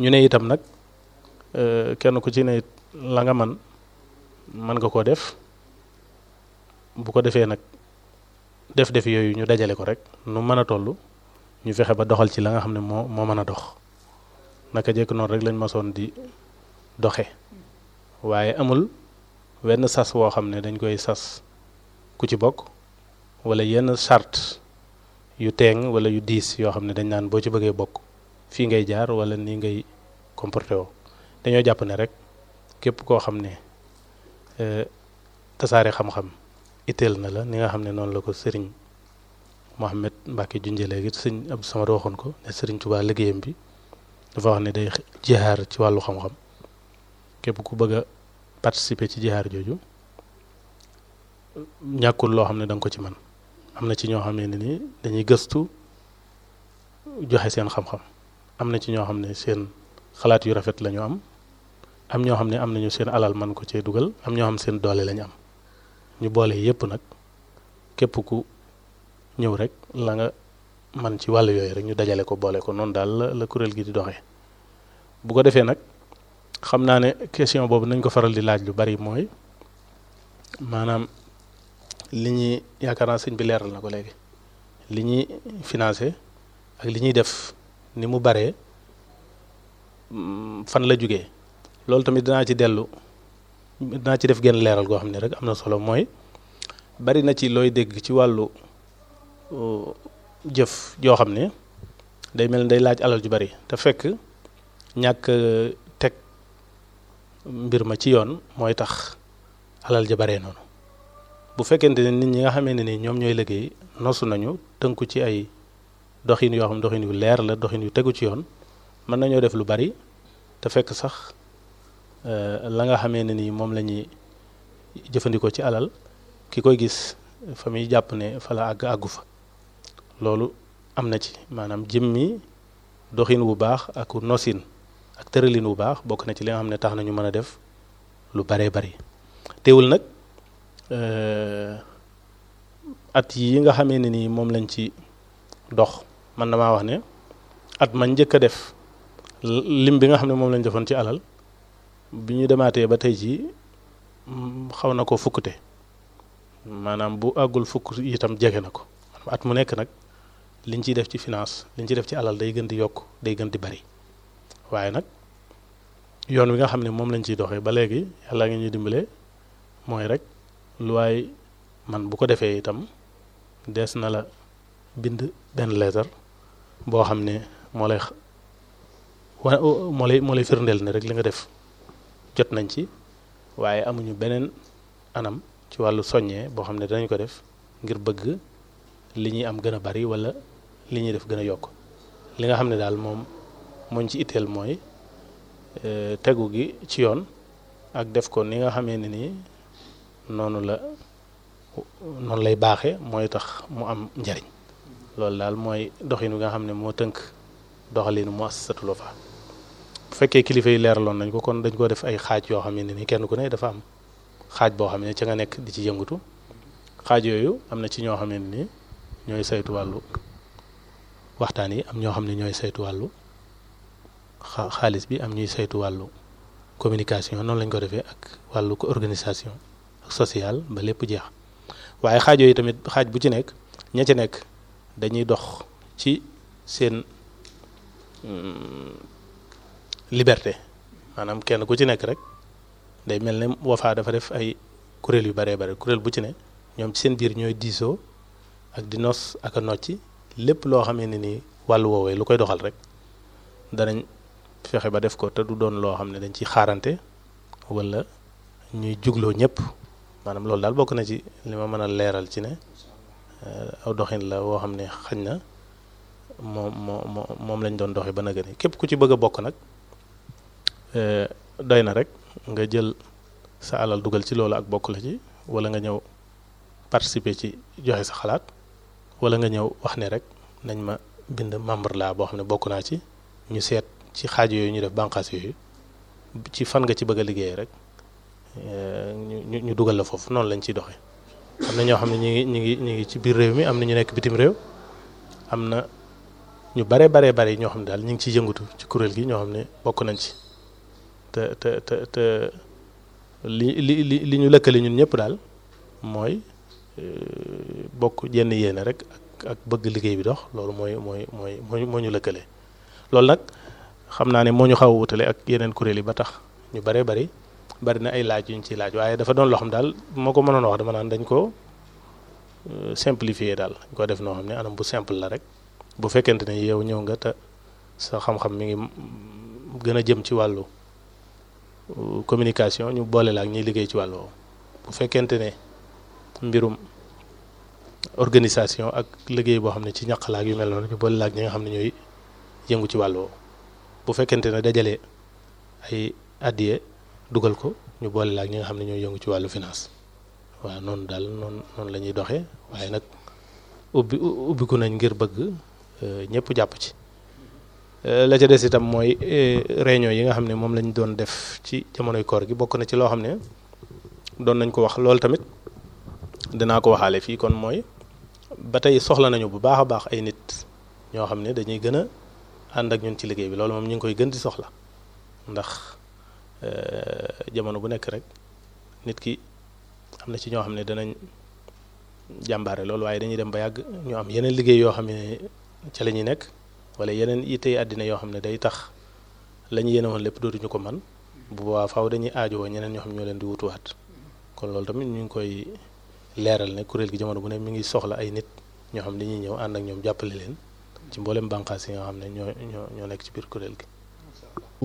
ñu ne itam nag euh, kenn ku ci ne la nga man mën nga koo def bu ko defee nag def-def yooyu ñu dajale ko rek nu mën a toll ñu fexe ba doxal ci la nga xam ne moo moo mën a dox naka jekk noonu rek lañ masoon di doxe waaye amul wenn sas woo xam ne dañ koy sas ku ci bokk wala yenn charte yu teeng wala yu diis yoo xam ne dañ naan boo ci bëggee bokk fii ngay jaar wala nii ngay comporté woo dañoo jàpp ne rek képp koo xam ne euh, tasaare xam-xam itteel na la ni nga xam ne noonu la ko sëriñ Mohamed Mbacke junjee léegi sëñ Abdou Samad waxoon ko ne sëriñ Tuubaa liggéeyam bi dafa wax ne day jihaar ci wàllu xam-xam képp ku bëgg participer ci jihaar jooju ñàkkul loo xam ne da ko ci man am na ci ñoo xam ne ni dañuy gëstu joxe seen xam-xam am na ci ñoo xam ne seen xalaat yu rafet la am am ñoo xam ne am nañu seen alal man ko cee dugal am ñoo xam seen doole lañu am ñu boole yépp nag képp ku ñëw rek la nga man ci wàll yooyu rek ñu dajale ko boole ko noonu daal la kuréel gi di doxee bu ko defee nag xam naa ne question boobu nañ ko faral di laaj lu bari mooy maanaam li ñuy yaakaar naa sëñ bi leeral na ko léegi li ñuy financé ak li ñuy def ni mu baree mm, fan la jóge loolu tamit dinaa ci dellu dinaa ci def genn leeral goo xam ne rek am na solo mooy bari na ci looy dégg ci wàllu uh, jëf joo xam ne day mel ni day laaj alal ju bari te fekk ñàkk mbir ma ci yoon mooy tax alal ja bare noonu bu fekkente ne nit ñi nga xamee ne ni ñoom ñooy liggéey nosu nañu tënku ci ay doxin yoo xam doxin yu leer la doxin yu tegu ci yoon mën nañoo def lu bari te fekk sax euh, la nga xamee ne ni moom lañuy jëfandikoo ci alal ki koy gis fa muy jàpp ne fa la àgg àggu fa loolu am na ci maanaam jëmmi doxin wu baax ak nosin ak tëralin bu baax bokk na ci li nga xam ne tax nañu mën a def lu baree bari teewul nag euh, at yi nga xamee ne nii moom lañ ci dox man damaa wax ne at man njëkk a def lim bi nga xam ne moom lañ defoon ci alal bi ñu demaatee ba tey jii mm, xaw na ko fukkute maanaam bu àggul fukk itam jege na ko at mu nekk nag liñ ciy def ci finance liñ ciy def ci alal day gën di yokk day gën di bari waaye nag yoon wi nga xam ne moom lañ ciy doxee ba léegi yàlla ngi ñuy dimbale mooy rek lu waay man bu ko defee itam des na la bind benn leetar boo xam ne moo lay moo lay firndeel ne rek li nga def jot nañ ci waaye amuñu beneen anam ci wàllu soññee boo xam ne danañ ko def ngir bëgg li ñuy am gën a bari walla li ñuy def gën a yokk li nga xam ne daal moom mooñ ci itteel mooy e, tegu gi ci yoon ak def ko ni nga xamee ni nii noonu la noonu lay baaxe mooy tax mu am njariñ loolu daal mooy doxin wi nga xam ne moo tënk doxalinu muassasatul Wafa bu fekkee kilifa yi leeraloon nañ ko kon dañ ko def ay xaaj yoo xam ni nii kenn ko ne dafa am xaaj boo xam ne ci nga nekk di ci yëngatu xaaj yooyu am na ci ñoo xam ni ñooy saytu wàllu waxtaan yi am ñoo xam ne ñooy saytu wàllu xaalis bi am ñuy saytu wàllu communication noonu lañ ko defee ak wàllu organisation ak sociale ba lépp jeex waaye xaajoo yi tamit xaaj bu ci nekk ña ci nekk dañuy dox ci seen mm, liberté maanaam kenn ku ci nekk rek day mel ne Wafa dafa def ay kuréel yu baree bare kuréel bu ci ne ñoom ci seen biir ñooy diisoo ak di nos ak a nocci lépp loo xamee ne nii wàllu woowee lu koy doxal rek fexe ba def ko te du doon loo xam ne dañ ciy xaarante wala ñuy jugloo ñëpp maanaam loolu daal bokk na ci li ma mën a leeral ci ne euh, aw doxin la woo xam ne xañ na moom moo moom lañ doon doxi ba nag ne képp ku ci bëgg a bokk nag euh, doy na rek nga jël sa alal dugal ci loolu ak bokk la ci wala nga ñëw participer ci joxe sa xalaat wala nga ñëw wax ne rek nañ ma bind membre laa boo xam ne bokk naa ci ñu seet ci xaaj yooyu ñu def bànqaas yooyu ci fan nga ci bëgg a liggéeyee rek eh, ñu ñu dugal la foofu noonu lañ ciy doxee am na ñoo xam ne ñu ngi ñu ngi ñu ngi ci biir réew mi am na ñu nekk bitim réew am na ñu bare bare bare ñoo xam ne daal ñu ngi ciy yëngatu ci kuréel gi ñoo xam ne bokk nañ ci te te li li li ñu lëkkale ñun ñëpp daal mooy eh, bokk jenn yéene rek ak bëgg liggéey bi dox loolu mooy mooy mooy moo ñu lëkkale loolu nag. xam naa ne moo ñu xaw a wutale ak yeneen kuréel yi ba tax ñu bare bari bari na ay laaj yu ñu ciy laaj waaye dafa doon loo xam daal moo ko mënoon wax dama naan dañ ko euh, simplifier daal dañ ko def noo xam ne anam bu simple la rek bu fekkente ne yow ñëw nga te sa xam-xam mi ngi gën a jëm ci wàllu euh, communication ñu boole la ak liggéey ci wàllu bu fekkente ne mbirum organisation ak liggéey boo xam ne ci ñaq la yu mel noonu ñu boole la ak ñi nga xam ne ñooy yëngu ci wàllu bu fekkente ne dajale ay addiye dugal ko ñu boole la ak ñi nga xam ne ñooy yëngu ci wàllu finance waaw noonu daal noonu noonu la ñuy doxee waaye nag ubbi ubbiku nañ ngir bëgg euh, ñëpp jàpp ci euh, la ca des itam mooy euh, réunion yi nga xam ne moom lañ doon def ci jamonoy koor gi bokk na ci loo xam ne doon nañ ko wax loolu tamit dinaa ko waxaale fii kon mooy ba tey soxla nañu bu baax a baax ay nit ñoo xam ne dañuy gën a ànd ak ñun ci liggéey bi loolu moom ñu ngi koy gën di soxla ndax euh, jamono bu nekk rek nit ki am na ci ñoo xam ne danañ jàmbaare loolu waaye dañuy dem ba yàgg ñoo am yeneen liggéey yoo xam ne ca la ñuy nekk wala yeneen yittey àddina yoo xam ne day tax la ñu yéene woon lépp dootuñu ko man bu boobaa faaw dañuy aajo aajowoo ñeneen ñoo xam ñoo leen di wutuwaat kon loolu tamit ñu ngi koy leeral ne kuréel gi jamono bu ne mi ngi soxla ay nit ñoo xam dañuy ñëw ànd ak ñoom jàppale leen. ci mbooleem bànqaas yi nga xam ne ñoo ñoo ñoo nekk ci biir kuréel gi.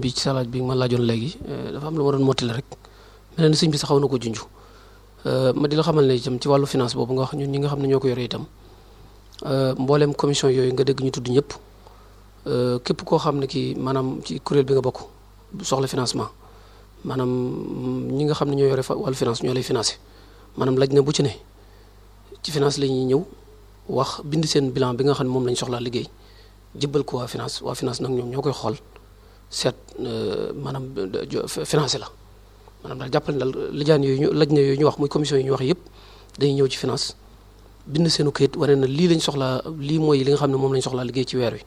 bi ci salaaj bi ma laajoon léegi euh, dafa am lu ma doon mottali rek mel ni bi sax xaw na ko junj euh, ma di la xamal ne itam ci wàllu finance boobu nga wax ñun ñi nga xam ne ñoo ko yore itam euh, mboolem commission yooyu nga dégg ñu tudd ñëpp képp koo xam ne kii maanaam ci kuréel bi nga bokk soxla financement maanaam ñi nga xam ne ñoo yore wàllu finance ñoo lay financé maanaam laj na bu ci ne ci finance la ñuy ñëw. wax bind seen bilan bi nga xam ne moom lañ soxlaa liggéey jëbbal ko waa finance waa finance nag ñoom ñoo koy xool seet euh, maanaam financé la maanaam daal jàppal daal lijaan yooyu ñu laj na yooyu ñu wax muy commission yi ñu wax yëpp dañuy ñëw ci finance bind seenu këyit wane na lii lañ soxlaa lii mooy li nga xam ne moom lañ soxlaa liggéey ci weer wi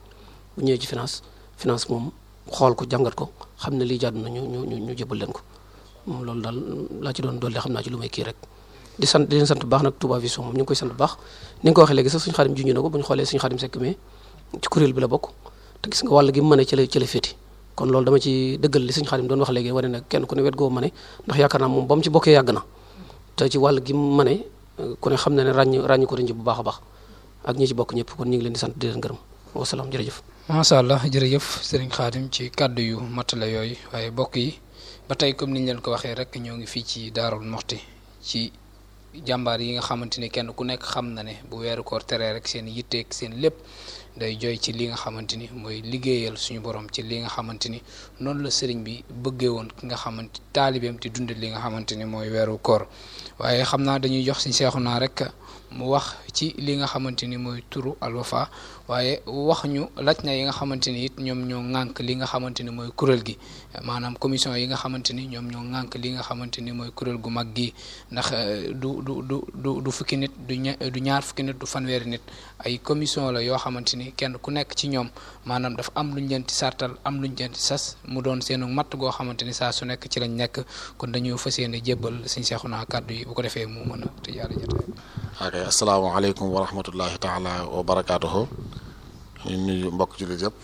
bu ñëwee ci finance finance moom xool ko jàngat ko xam ne lii jaadu na ñu ñu ñu jëbbal leen ko moom loolu daal laa ci doon doole xam naa ci lu may kii rek di sant di leen sant bu baax nag Touba Vision moom ñu ngi koy sant bu baax ni nga waxee léegi sax suñu xaadim junj na ko bu ñu xoolee suñu xaadim sekk mais ci kuréel bi la bokk te gis nga wàll gi mu a ci la ci la féeti kon loolu dama ci dëggal li suñu xaadim doon wax léegi ba mu ci bokkee yàgg na te ci wàll gi mu a baax ak ñi ci bokk ñëpp kon ñu ngi la yooyu waaye bokk yi ba tey comme niñ leen ko waxee rek ñoo ngi fii ci daarul moxti ci jàmbaar yi nga xamante ni kenn ku nekk xam na ne bu weeru koor teree rek seen yitteeg seen lépp day jooy ci li nga xamante ni mooy liggéeyal suñu boroom ci li nga xamante ni noonu la sëriñ bi bëggee woon ki nga xamante taalibeem te dund li nga xamante ni mooy weeru koor waaye xam naa dañuy jox si seexu naa rek mu wax ci li nga xamante ni mooy turu Al waaye wax ñu laaj na yi nga xamante ni it ñoom ñoo ŋànk li nga xamante ni mooy kuréel gi maanaam commission yi nga xamante ni ñoom ñoo ŋànk li nga xamante ni mooy kuréel gu mag gi ndax euh, du du du du du fukki nit du du ñaar fukki nit du fanweeri nit ay commission la yoo xamante ni kenn ku nekk ci ñoom maanaam dafa am luñ leen ci sartal am lu leen ci sas mu doon seenu matt goo xamante ni saa su nekk ci lañ nekk kon dañuy fas yéene jébbal siñ seexu naa kàddu yi bu ko defee mu mën a tëjaale jotaay. wa rahmatullahi taala wa ñu nuyu mbokk jullit yëpp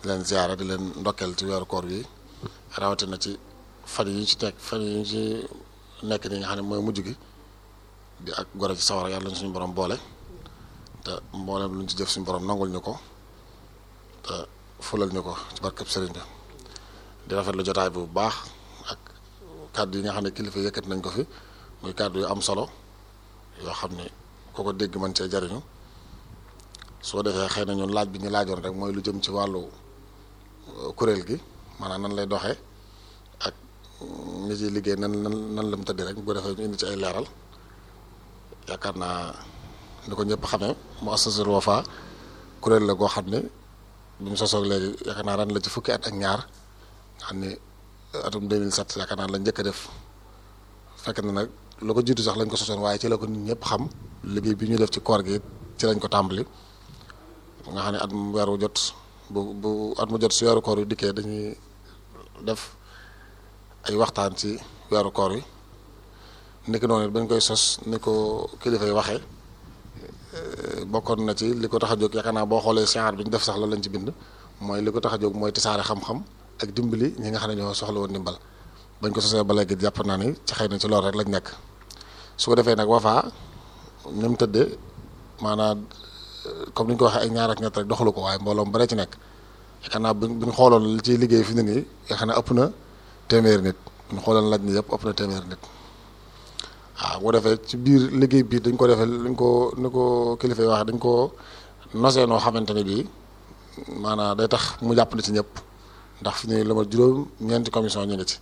di leen ziara di leen ndokkeel ci weeru koor bi rawatina ci fan yi ñu ci nekk fan yi ñu nekk ni nga xam ne mooy mujj gi di ak gore ci sawara yàlla suñu borom boole te mboolem lu ñu ci jëf suñ borom nangul ñu ko te fulal ñu ko ci barkab sëriñ bi di rafet lu jotaay bi bu baax ak kàddu yi nga xam ne kilifa yëkkat nañ ko fi muy kàddu yu am solo yoo xam ne ku ko dégg mën cee jariñu soo defee xëy nañu laaj bi ñu laajoon rek mooy lu jëm ci wàllu euh, kuréel gi maanaam nan lay doxee ak ñi euh, ciy liggéey nan nan nan la mu tëddee rek bu defee ñu indi ci ay laaral yaakaar naa ni ko ñëpp xamee Muassasatul Wafa kuréel la goo xam ne bi mu sosoog léegi yaakaar naa ren la ci fukki ak ñaar xam ne atum 2007 yaakaar naa la njëkk a def fekk nag lu jiitu sax lañ ko sosoon waaye ci la ko nit ñëpp xam liggéey bi ñu def ci koor gi ci lañ ko tàmbali. nga xam ne at mu weer jot bu bu at mu jot si weeru koor yi dikkee dañuy def ay waxtaan ci weeru koor yi niki noonu it bañ koy sos ni ko kilifa yi waxee eh, bokkoon na ci li ko tax a jóg yaakaar naa boo xoolee siyaar bi ñu def sax la lañ ci bind mooy li ko tax a jóg mooy tisaare xam-xam ak dimbali ñi nga xam ne ñoo soxla woon dimbal bañ ko sosee ba léegi jàpp naa ni ci xëy na ci loolu rek lañ nekk su ko defee nag Wafa ñoom tëddee maanaam comme ni ñu ko waxee ay ñaar ak ñett rek doxalu ko waaye mbooloom bare ci nekk yaakaar naa buñ buñ xooloon li ciy liggéey fi mu ne nii yaakaar naa na téeméeri nit buñ xooloon laaj ni yëpp ëpp na téeméeri nit waaw bu defee ci biir liggéey bii dañ ko defee dañ ko ni ko kilifa yi waxee dañ ko nosee noo xamante ne bii maanaam day tax mu jàpp na ci ñëpp ndax fi ne la ma juróom ñeenti commission ñu ngi ci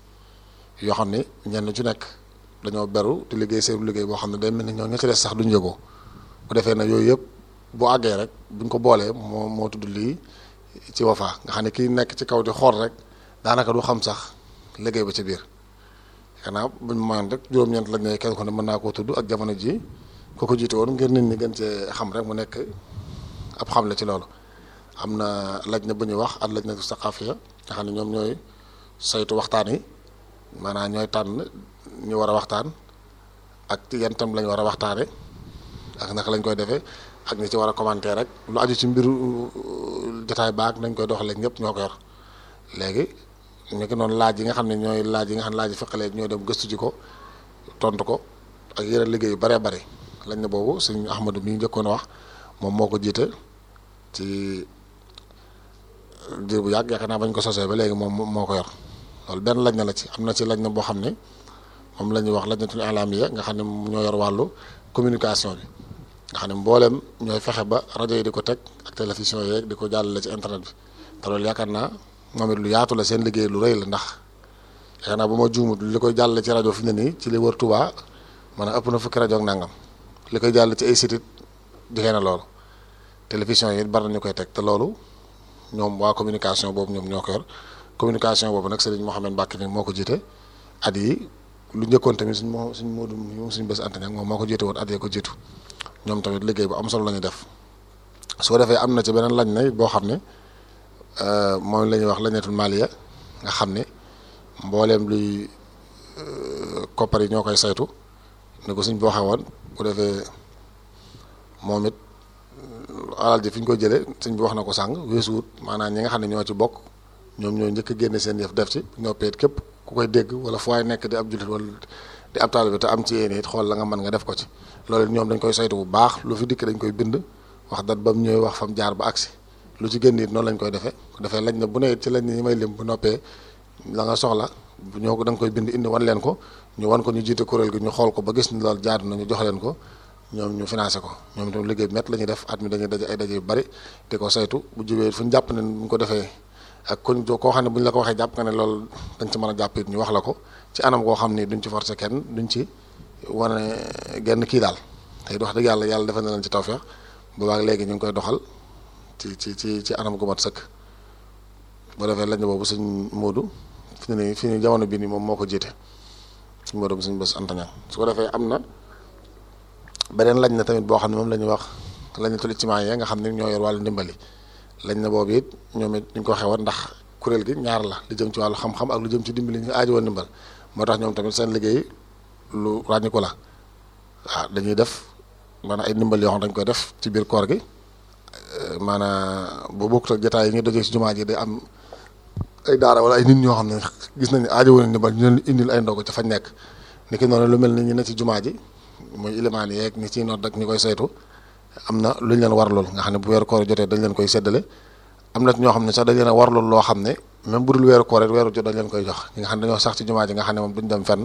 yoo xam ne ñenn ci nekk dañoo beru te liggéey seen liggéey boo xam ne day mel ni ñoo ña ci des sax duñu yëgoo bu defee na yooyu yëpp boo àggee rek buñ ko boolee moo moo tudd lii ci wafa nga xam ne kii nekk ci kaw di xool rek daanaka du xam sax liggéey ba ci biir xanaa bu mayoon rek juróom lañ ne ne mën naa koo tudd ak jamono ji ko ko woon ngir nit ñi gën cee xam rek mu nekk ab xam la ci loolu am na laj na bu ñuy wax ak laj na saqaafiya nga xam ne ñoom ñooy saytu waxtaan yi maanaam ñooy tànn ñu war a waxtaan ak yan tam lañ war a waxtaane ak naka lañ koy defee ak ñi ci war a commenter rek lu aju ci mbiru uh, jotaay baag nañ koy doxalee ñëpp ñoo ko yor léegi ñu noonu laaj yi nga xam ne ñooy laaj yi xam ne laaj yi fekkale ñooy dem gëstu ji ko tontu ko ak yeneen liggéey yu bëree bëri lañ ne boobu sëñ Ahmadou mi njëkkoon wax moom moo ko jiite ci diir bu yàgg yaakaar naa bañ ko sosee ba léegi moom moo ko yor loolu benn lañ na la ci am na ci lañ na boo xam ne moom la ñuy wax lañ na tuñu alamiya nga xam ne ñoo yor wàllu communication bi. ndax xam ne mbooleem ñooy fexe ba rajo yi di ko teg ak télévision yeeg di ko jàllale ci internet bi te loolu yaakaar naa moom it lu yaatu la seen liggéey lu rëy la ndax yaakaar naa bu ma juumut li koy jàllale ci rajo fi ne nii ci li wër Touba man a ëpp na fukki rajo ak nangam li koy jàll ci ay site it jege na loolu télévision yi it bari nañu koy teg te loolu ñoom waa communication boobu ñoom ñoo ko yor communication boobu nag Serigne Mouhamed Mbacke mi moo ko jiite at yi lu njëkkoon tamit suñ moo suñ moodu moom suñ bés antenne moom moo ko jiitu woon at ko jiitu ñoom tamit liggéey bu am solo la ñuy def soo defee am na ci beneen lañ ne boo xam ne euh, moom la ñuy wax lañetul maaliya nga xam ne mbooleem luy euh, koppar yi ñoo koy saytu ni ko suñ boo woon bu defee moom it euh, alal ji fi ñu ko jëlee suñ bi wax na ko sàng weesu wut maanaam ñi nga xam ne ñoo ci bokk ñoom ñoo njëkk a génne seen yëf def ci ñoo peet képp ku koy dégg wala fu waay nekk di ab jullit wala di ab taalibe te am ci yéene it xool la nga mën nga def ko ci loolu ñoom dañ koy saytu bu baax lu fi dikk dañ koy bind wax dat ba mu ñëwee wax fam jaar ba agsi lu ci gën it noonu lañ koy defee ko defee lañ bu ne ci lañ ne ñi may lim bu noppee la nga soxla ñoo ko da koy bind indi wan leen ko ñu wan ko ñu jiite kuréel gi ñu xool ko ba gis ni loolu jaadu na ñu leen ko ñoom ñu financé ko ñoom itam liggéey bu la ñuy def at mi dañuy daje ay daje yu bari di ko saytu bu jubee fu ñu jàpp ne mu ko defee ak kon koo xam ne bu ñu la ko waxee jàpp nga ne loolu dañ ci mën a jàpp it ñu wax la ko ci anam goo xam ni duñ ci forcer kenn duñ ci wane genn kii daal tey wax dëgg yàlla yàlla defal na leen ci tawfeex boobaag léegi ñu ngi koy doxal ci ci ci ci anam gu mat sëkk boo defee lañ boobu suñ Moodu fi ne fi ne jamono bii nii moom moo ko jiite suñ Moodu bu suñ bés antaña su ko defee am na beneen lañ na tamit boo xam ne moom la ñuy wax lañ na tuli ci maa ya nga xam ne ñoo yor wàllu lañ na boobu it ñoom it ñu ko xewoon ndax kuréel gi ñaar la lu jëm ci wàllu xam-xam ak lu jëm ci dimbali ñu aajo woon ndimbal moo tax ñoom tamit seen liggéey lu ràññiku la waaw dañuy def maanaam ay ndimbal yoo xam dañ koy def ci biir koor gi eh, maanaam bu bokkut ak jotaay yi ñu dojee ci jumaa ji day am ay daara wala nit ñoo xam ne gis nañ ne aajo woon ndimbal ñu leen indil ay ndogu ca fañ nekk niki noonu lu mel ni ñu ne ci jumaa ji muy ilimaan yeeg ni ci nodd ak ñu koy saytu am na lu ñu leen warlul nga xam ne bu weeru koor jotee dañ leen koy séddale am na ñoo xam ne sax dañ leen a warlul loo xam ne même bu dul weeru koor rek weeru jot dañ leen koy jox ñi nga xam ne dañoo sax ci jumaa ji nga xam ne moom duñ dem fenn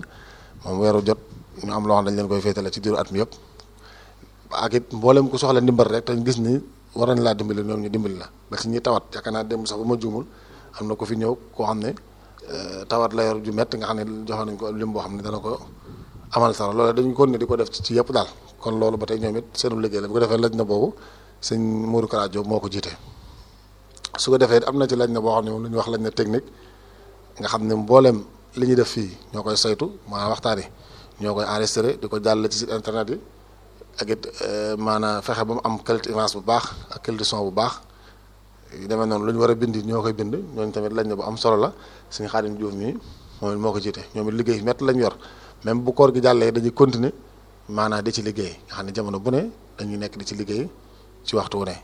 moom weeru jot ñu am loo xam ne dañ koy féetale ci diiru at mi yëpp ak it ku soxla ndimbal rek te gis ni war laa dimbali ñoom ñu dimbali la ba ci ñi tawat yaakaar naa dem sax bu ma juumul am na ko fi ñëw koo xam ne euh, tawat la yor ju metti nga xam ne joxoon nañ ko lim boo xam ne dana ko amal sara loolu dañu ko ne di ko def ci yëpp daal kon loolu ba tey ñoom it seenu liggéey la bu ko defee laj na boobu sëñ Mourou Kara Diop moo ko jiite su ko defee am na ci laj na boo xam ne moom lu ñuy wax laj na technique nga xam ne mbooleem li ñuy def fii ñoo koy saytu maanaam waxtaan yi ñoo koy enregistré di ko jàllale ci site internet yi ak it euh, maanaam fexe ba mu am qualité bu baax ak qualité bu baax yu demee noonu lu ñu war a bind ñoo koy bind ñooñu tamit lañ ne bu am solo la sëñ Xaadim Diouf mi moom it moo ko jiite ñoom it liggéey métti lañ yor même bu koor gi jàllee dañuy continuer maanaa di ci liggéey nga xam ne jamono bu ne dañuy nekk di ci liggéey ci waxtu wu ne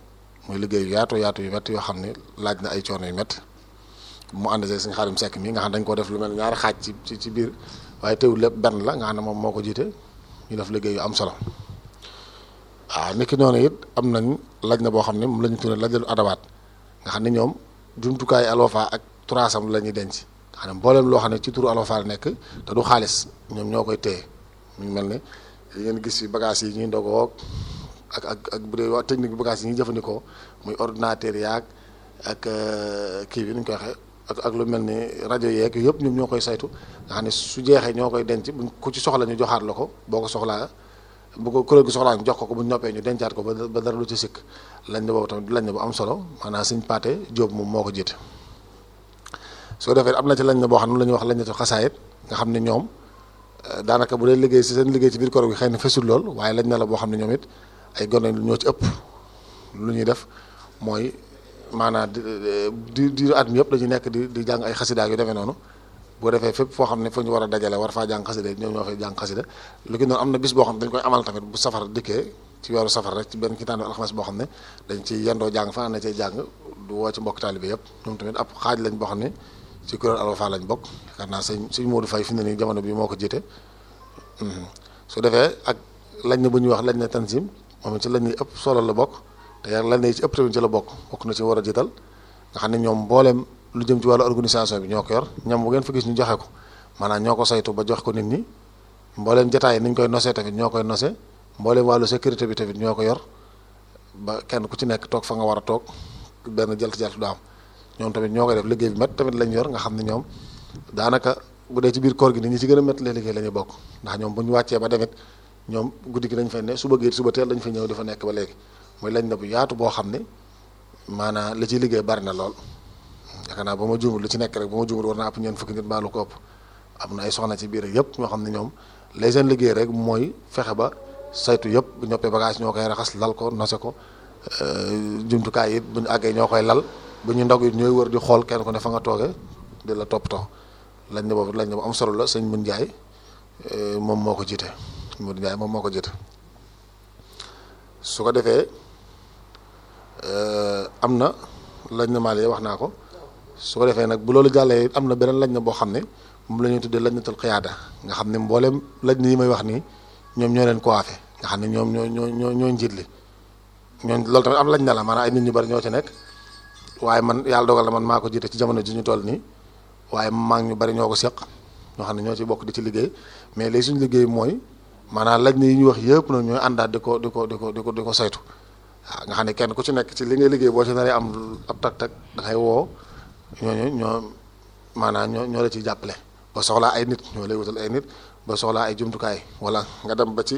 muy liggéey yu yaatu yaatu yu mett yoo xam ne laaj na ay coono yu métti mu ànd see suñu xarim sekk mi nga xam dañ ko def lu mel ñaari xaaj ci ci ci biir waaye teewul lépp benn la nga xam ne moom moo ko jiite ñu def liggéey yu am solo waaw niki noonu it am nañ laj na boo xam ne moom la ñu tuddee lajnalu adawaat nga xam ne ñoom jumtukaay Alwafa ak turaasam la ñuy denc nga xam ne mboolem loo xam ne ci turu Alwafa la nekk te du xaalis ñoom ñoo koy téye mu mel ne yi ngeen gis si bagages yi ñuy ndogoog ak ak ak bu dee waa technique bagages yi ñuy jëfandikoo muy ordinateur yaag ak euh, kii bi nu ñu koy waxee ak ak lu mel ni rajo yeeg yëpp ñoom ñoo koy saytu nga xam ne su jeexee ñoo koy denc buñ ku ci soxla ñu joxaat la ko boo ko soxlaa bu ko kuréel gi soxlaa ñu jox ko ko bu ñoppee ñu dencaat ko ba dara lu ci sikk lañ ne boobu tamit lañ ne bu am solo maanaam suñ paate Jóob moom moo ko jiite. su defee am na ci lañ ne boo xam ne la ñuy wax lañ ne xasaayit nga xam ne ñoom. daanaka bu dee liggéey si seen liggéey ci biir koor gi xëy na fesul lool waaye lañ na la boo xam ne ñoom ay gone ñoo ci ëpp lu ñuy def mooy maanaam di di at mi yëpp dañuy nekk di di jàng ay xasida yu demee noonu boo defee fepp foo xam ne fu ñu war a dajale war faa jàng xasida ñoom ñoo fay jàng xasida lu ki noonu am na bis boo xam ne dañ koy amal tamit bu safar dikkee ci weeru safar rek ci benn ki taanu alxames boo xam ne dañ ci yendoo jàng fa na cey jàng du woo ci mbokk taalibe yëpp ñoom tamit ab xaaj lañ boo xam ne ci kuréel alwafa lañ bokk yaakaar naa sëñ sëñ Modou Faye fi mu nii jamono bi moo ko jiite mhm. su defee ak lañ na bu ñuy wax lañ na tanzim moom ci lañ ñuy ëpp solo la bokk te yàlla lañ na ci ëpp tamit ci la bokk bokk na ci war a jiital nga xam ne ñoom mbooleem lu jëm ci wàllu organisation bi ñoo ko yor ñam bu ngeen fa gis ñu joxe ko maanaam ñoo ko saytu ba jox ko nit ñi mbooleem jataay niñ koy nosee tamit ñoo koy nosee mbooleem wàllu sécurité bi tamit ñoo ko yor ba kenn ku ci nekk toog fa nga war a toog benn jalt jalt du ñoom tamit ñoo koy def liggéey bi métt tamit lañ yor nga xam ne ñoom daanaka bu dee ci biir koor gi nit ñi ci gën a métt lee liggéey la ñu bokk ndax ñoom bu ñu wàccee ba demit ñoom guddi gi dañ fay ne suba géet suba teel dañ fay ñëw di fa nekk ba léegi mooy lañ na bu yaatu boo xam ne maanaam la ciy liggéey bari na lool yaakaar naa ma juumul lu ci nekk rek ba ma juumul war naa ëpp ñeent fukki nit am na ay soxna ci biir yëpp ñoo xam ne ñoom lay liggéey rek mooy fexe ba saytu yëpp bu ñoppee bagage ñoo koy raxas lal ko nose ko euh, jumtukaay it bu ñu àggee ñoo koy lal bu ñu ndaw yi ñooy wër di xool kenn ku ne fa nga toogee di la toppatoo lañ ne boobu lañ ne bu am solo la sëñ Mun Njaay eh, moom moo ko jiite Mun Njaay moom moo ko jiite su ko defee eh, am na lañ na maal wax naa ko su ko defee nag bu loolu jàllee am na beneen lañ na boo xam ne moom la ñuy tuddee lañnatul xiyaada nga xam ne mboolem lañ yi may wax nii ñoom ñoo ko waafe nga xam ne ñoom ñoo ñoo ñoo ñoo njiit li ñooñ am lañ na la maanaam ay nit ñu bari ñoo ci nekk waaye man yàlla dogal na man maa ko jiite ci jamono ji ñu toll nii waaye maa ñu bari ñoo ko seq ñoo xam ne ñoo ci bokk di ci liggéey mais léegi suñ liggéey mooy maanaam laj na yi ñuy wax yëpp nag ñooy àndaat di ko di ko di ko di ko di ko saytu nga xam ne kenn ku ci nekk ci li ngay liggéey boo ci naree am ab tak-tak da ngay woo ñooñu ñoo ñoo ñoo la ciy jàppale ba soxlaa ay nit ñoo lay wutal ay nit ba soxlaa ay jumtukaay wala nga dem ba ci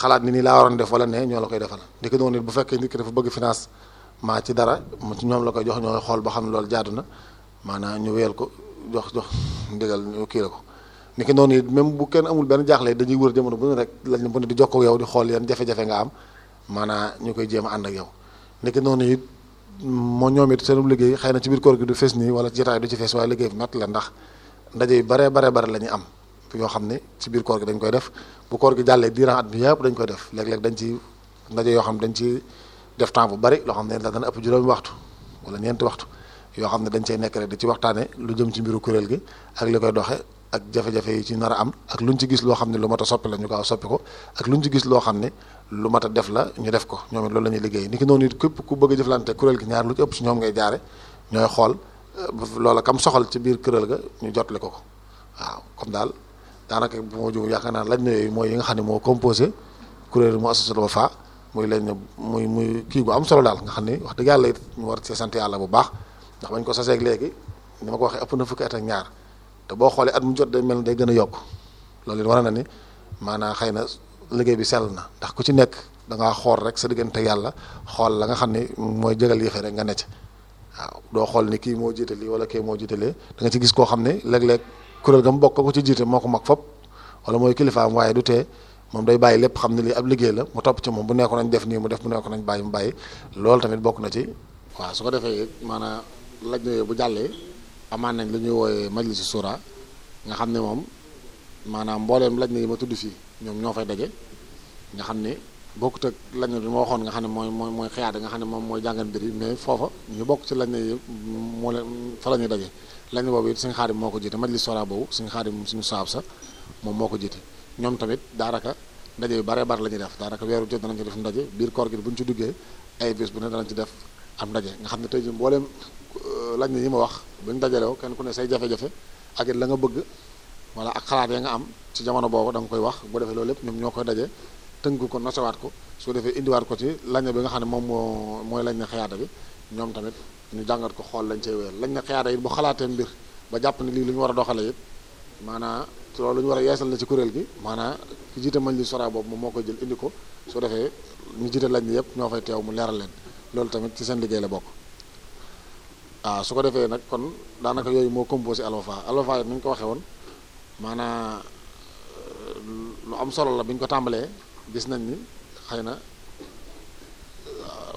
xalaat ni nii laa waroon def wala ne ñoo la koy defal di ko nit bu fekkee nit ki dafa bëgg finance maa ci dara mu ci ñoom la koy jox ñoo xool boo xam ne lool jaadu na maanaam ñu weel ko jox jox ndigal ñu kii la ko ni noonu it même bu kenn amul benn jaaxle dañuy wër jamono bu rek lañ bu ne di jokkoo yow di xool yan jafe nga am maanaam ñu koy jéem a ànd ak yow ni noonu it moo ñoom it seen liggéey xëy na ci biir koor gi du fees nii wala jotaay du ci fees waaye liggéey bi mat la ndax ndaje yu bare bare bare la ñuy am yoo xam ne ci biir koor gi dañ koy def bu koor gi jàllee diiran at bi yëpp dañ koy def léeg-léeg dañ ci ndaje yoo xam dañ ci def temps bu bari loo xam ne dana ëpp juróomi waxtu wala ñeenti waxtu yoo xam ne dañ cey nekk rek di ci waxtaane lu jëm ci mbiru kuréel gi ak li koy doxe ak jafe-jafe yi ci nar am ak luñ ci gis loo xam ne lu mat a soppi la ñu gaaw soppi ko ci gis loo xam ne lu mat a def la ñu def ko ñoom it loolu la ñuy liggéey ni ki noonu képp ku bëgg a jëflante kuréel gi ñaar lu ci ëpp si ñoom ngay jaare ñooy xool eh, loola kam soxal ci biir kuréel ga ñu jotle ko ko waaw comme daal daanaka bu ma juum yaakaar naa lañ na yooyu mooy yi nga xam ne moo composé kuréel mu associé Wafa muy leen ne muy muy kii bu am solo daal nga xam ne wax dëgg yàlla it mu war ci sant yàlla bu baax ndax bañ ko saseeg léegi ni ma ko waxee ëpp na fukki at ak te boo xoolee at mu jot day mel ne day gën a yokk loolu it war na ni maanaam xëy na liggéey bi sell na ndax ku ci nekk da ngaa xool rek sa diggante yàlla xool la nga xam ne mooy jëgal yëfe rek nga necc waaw doo xool ni kii moo jiite lii wala kii moo jiite danga ci gis koo xam ne léeg-léeg kuréel ga mu bokk ko ci jiite moo ko mag fop wala mooy kilifaam waaye du tee moom day bàyyi lépp xam ne lii ab liggéey la mu topp ci moom bu nekkoon nañ def nii mu def bu nekkoon nañ bàyyi mu bàyyi loolu tamit bokk na ci waa su ko defee maanaam laj na bu jàllee amaan nañ lu ñuy wooyee majlis suura nga xam ne moom maanaam mbooleem laj na yi ma tudd ñoom ñoo fay daje nga xam ne bokkut ak lañ na waxoon nga xam ne mooy mooy mooy xiyaada nga xam ne moom mooy jàngal mbir mais foofa ñu bokk ci lañ na yi moo la ñuy daje lañ na boobu it suñu xaadim moo ko jiite majlis suura boobu suñu xaadim suñu saab sa moom moo ko jiite ñoom tamit daanaka ndaje yu bare bare la ñuy def daanaka weeru jot danañ ci def ndaje biir koor gi bu ñu ci duggee ay bés bu ne danañ ci def am ndaje nga xam ne tey jii mbooleem euh, laaj na yi ma wax bu ñu dajaleew kenn ku ne say jafe-jafe la nga bëgg wala ak ya nga am ci jamono boobu da nga koy wax bu defee loolu lépp ñoom ñoo koy daje tënk ko nosewaat ko soo defee indiwaat ko ci lañ bi nga xam ne moom moo mooy lañ na xayaata bi ñoom tamit ñu jàngat ko xool lañ cay wéyal lañ na xayaata it bu xalaatee mbir ba jàpp ne lii lu ñu war a doxale it maanaa loolu ñu war a yeesal la ci kuréel gi maanaam ki jiite mañ li sora boobu moom moo ko jël indi ko soo defee ñu jiite lañ li yëpp ñoo fay teew mu leeral leen loolu tamit ci seen liggéey la bokk waaw ah, su ko defee nag kon daanaka yooyu moo composé alwafa alwafa yi ni ñu ko waxee woon lu am solo la bi ñu ko tàmbalee gis nañ ni xëy na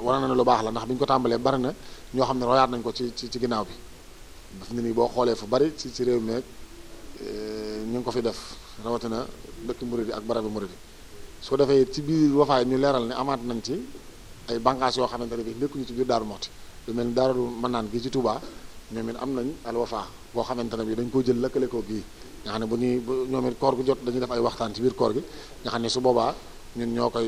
wane na ne lu baax la ndax bi ñu ko tàmbalee bari na ñoo xam ne royaat nañ ko ci ci ginnaaw bi daf ne boo xoolee fu bari ci ci réew mi Euh, ñu ngi ko fi def rawatina dëkk Mouride ak barabu Mouride soo defee ci biir wafaay ñu leeral ne amaat nañ ci ay bànqaas yoo xamante ne bii ñu ci biir Daaru Muxti lu mel ni Daaru Manaan gi ci Touba ñoom it xamante ne bii dañ koo jël lëkkale ko gii nga xam ne bu ñuy ñoom it koor gu jot ay waxtaan ci biir koor gi nga xam ne su boobaa ñun ñoo ko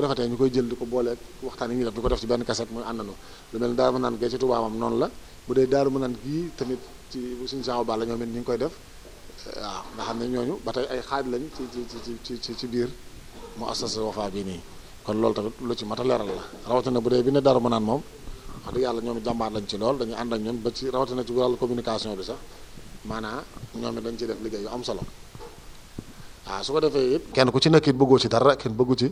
defatee ñu koy jël di ko booleeg waxtaan yi ñuy def di ko def ci benn kaset muy àndandoo gee ci Touba moom noonu la bu dee daaru mënaan gii tamit ci suñu genre la ñoom it ñu ngi koy def waaw nga xam ne ñooñu ba tey ay xaaj lañ ci ci ci ci ci biir mu asas Wafa bii nii kon loolu tamit lu ci mat a leeral la rawatina bu dee bi ne daaru mënaan moom wax dëgg yàlla ñoom jàmbaar lañ ci lool dañuy ànd ak ñoom ba ci rawatina ci wàllu communication bi sax maanaam ñoom it dañ ci def liggéey yu am solo waaw su ko defee it kenn ku ci nekk it ci dara kenn bëggu ci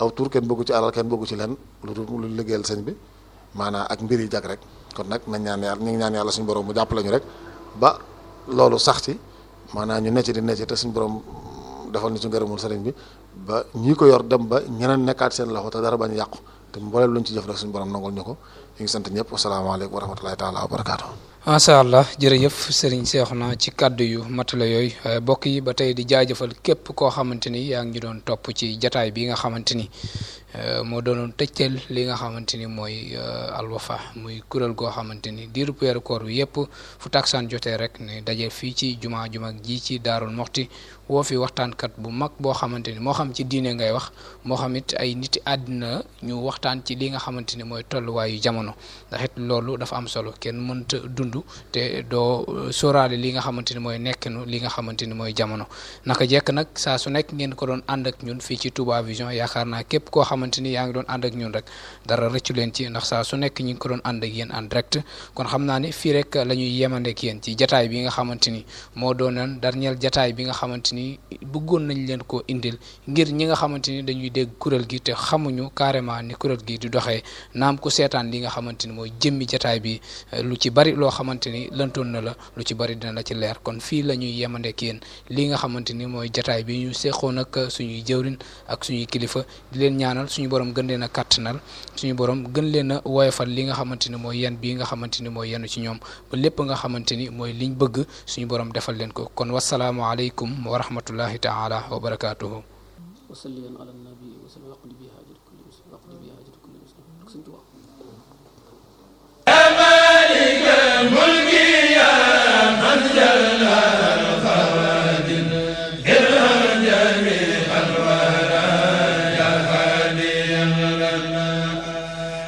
aw tur kenn ci alal kenn bëggu ci leen lu lu liggéeyal sëñ bi maanaam ak mbir yi jag rek kon nag nañ ñaan yàlla ñu ngi ñaan yàlla suñu borom mu jàpp ñu rek ba loolu sax ci maanaam ñu necc di necc te suñ borom defal ñu ci ngërëmul sëriñ bi ba ñi ko yor dem ba ñeneen nekkaat seen loxo te dara bañ yàqu te mbooleel luñ ci jëf rek suñu borom nangul ñu ko ñu ngi sant ñëpp wasalaamaaleykum wa rahmatulahi taala wa barakaatu. macha allah jërëjëf sëriñ naa ci kàddu yu la yooyu mbokk eh, yi ba tey di jaajëfal képp koo xamante ni yaa ngi doon topp ci jataay bi nga xamante ni eh, moo doonoon tëccel li nga xamante ni mooy eh, Al Wafa muy kuréel goo xamante ni diiru weeru koor wi yëpp fu taksaan jotee rek ne daje fii ci juma juma ji ci Daarul Moxti woo fi waxtaankat bu mag boo xamante ni moo xam ci diine ngay wax moo xam it ay niti àddina ñu waxtaan ci li nga xamante ni mooy tolluwaayu jamono. jamono ndax loolu dafa am solo kenn mënta dund te doo euh, sóoraale li nga xamante ni mooy nekkinu li nga xamante ni mooy jamono naka jekk nag saa su nekk ngeen ko doon ànd ak ñun fii ci Touba Vision yaakaar naa képp koo xamante ni yaa ngi doon ànd ak ñun rek dara rëccu leen ci ndax saa su nekk ñu ngi ko doon ànd ak yéen en direct kon xam naa ni fii rek lañuy ñuy yemandeek yéen ci jataay bi nga xamante ni moo doonoon dernier jataay bi nga xamante ni bëggoon nañ leen koo indil ngir ñi nga xamante ni dañuy dégg kuréel gi te xamuñu carrément ni kuréel gi di doxe naam ku seetaan li nga xamante ni mooy jémmi jataay bi eh, lu ci bari loo xamante ni lëntoon na la lu ci bari dina la ci leer kon fii la ñuy yemandeek yéen lii nga xamante ni mooy jataay bi ñu seqoon ak suñuy jëwrin ak suñuy kilifa di leen ñaanal suñu borom gën leen a kàttanal suñu borom gën leen a woyofal li nga xamante ni mooy yan bii nga xamante ni mooy yenu ci ñoom ba lépp nga xamante ni mooy liñ bëgg suñu borom defal leen ko kon wasalaamaaleykum wa rahmatullahi taala wa مالك الملك يا من جل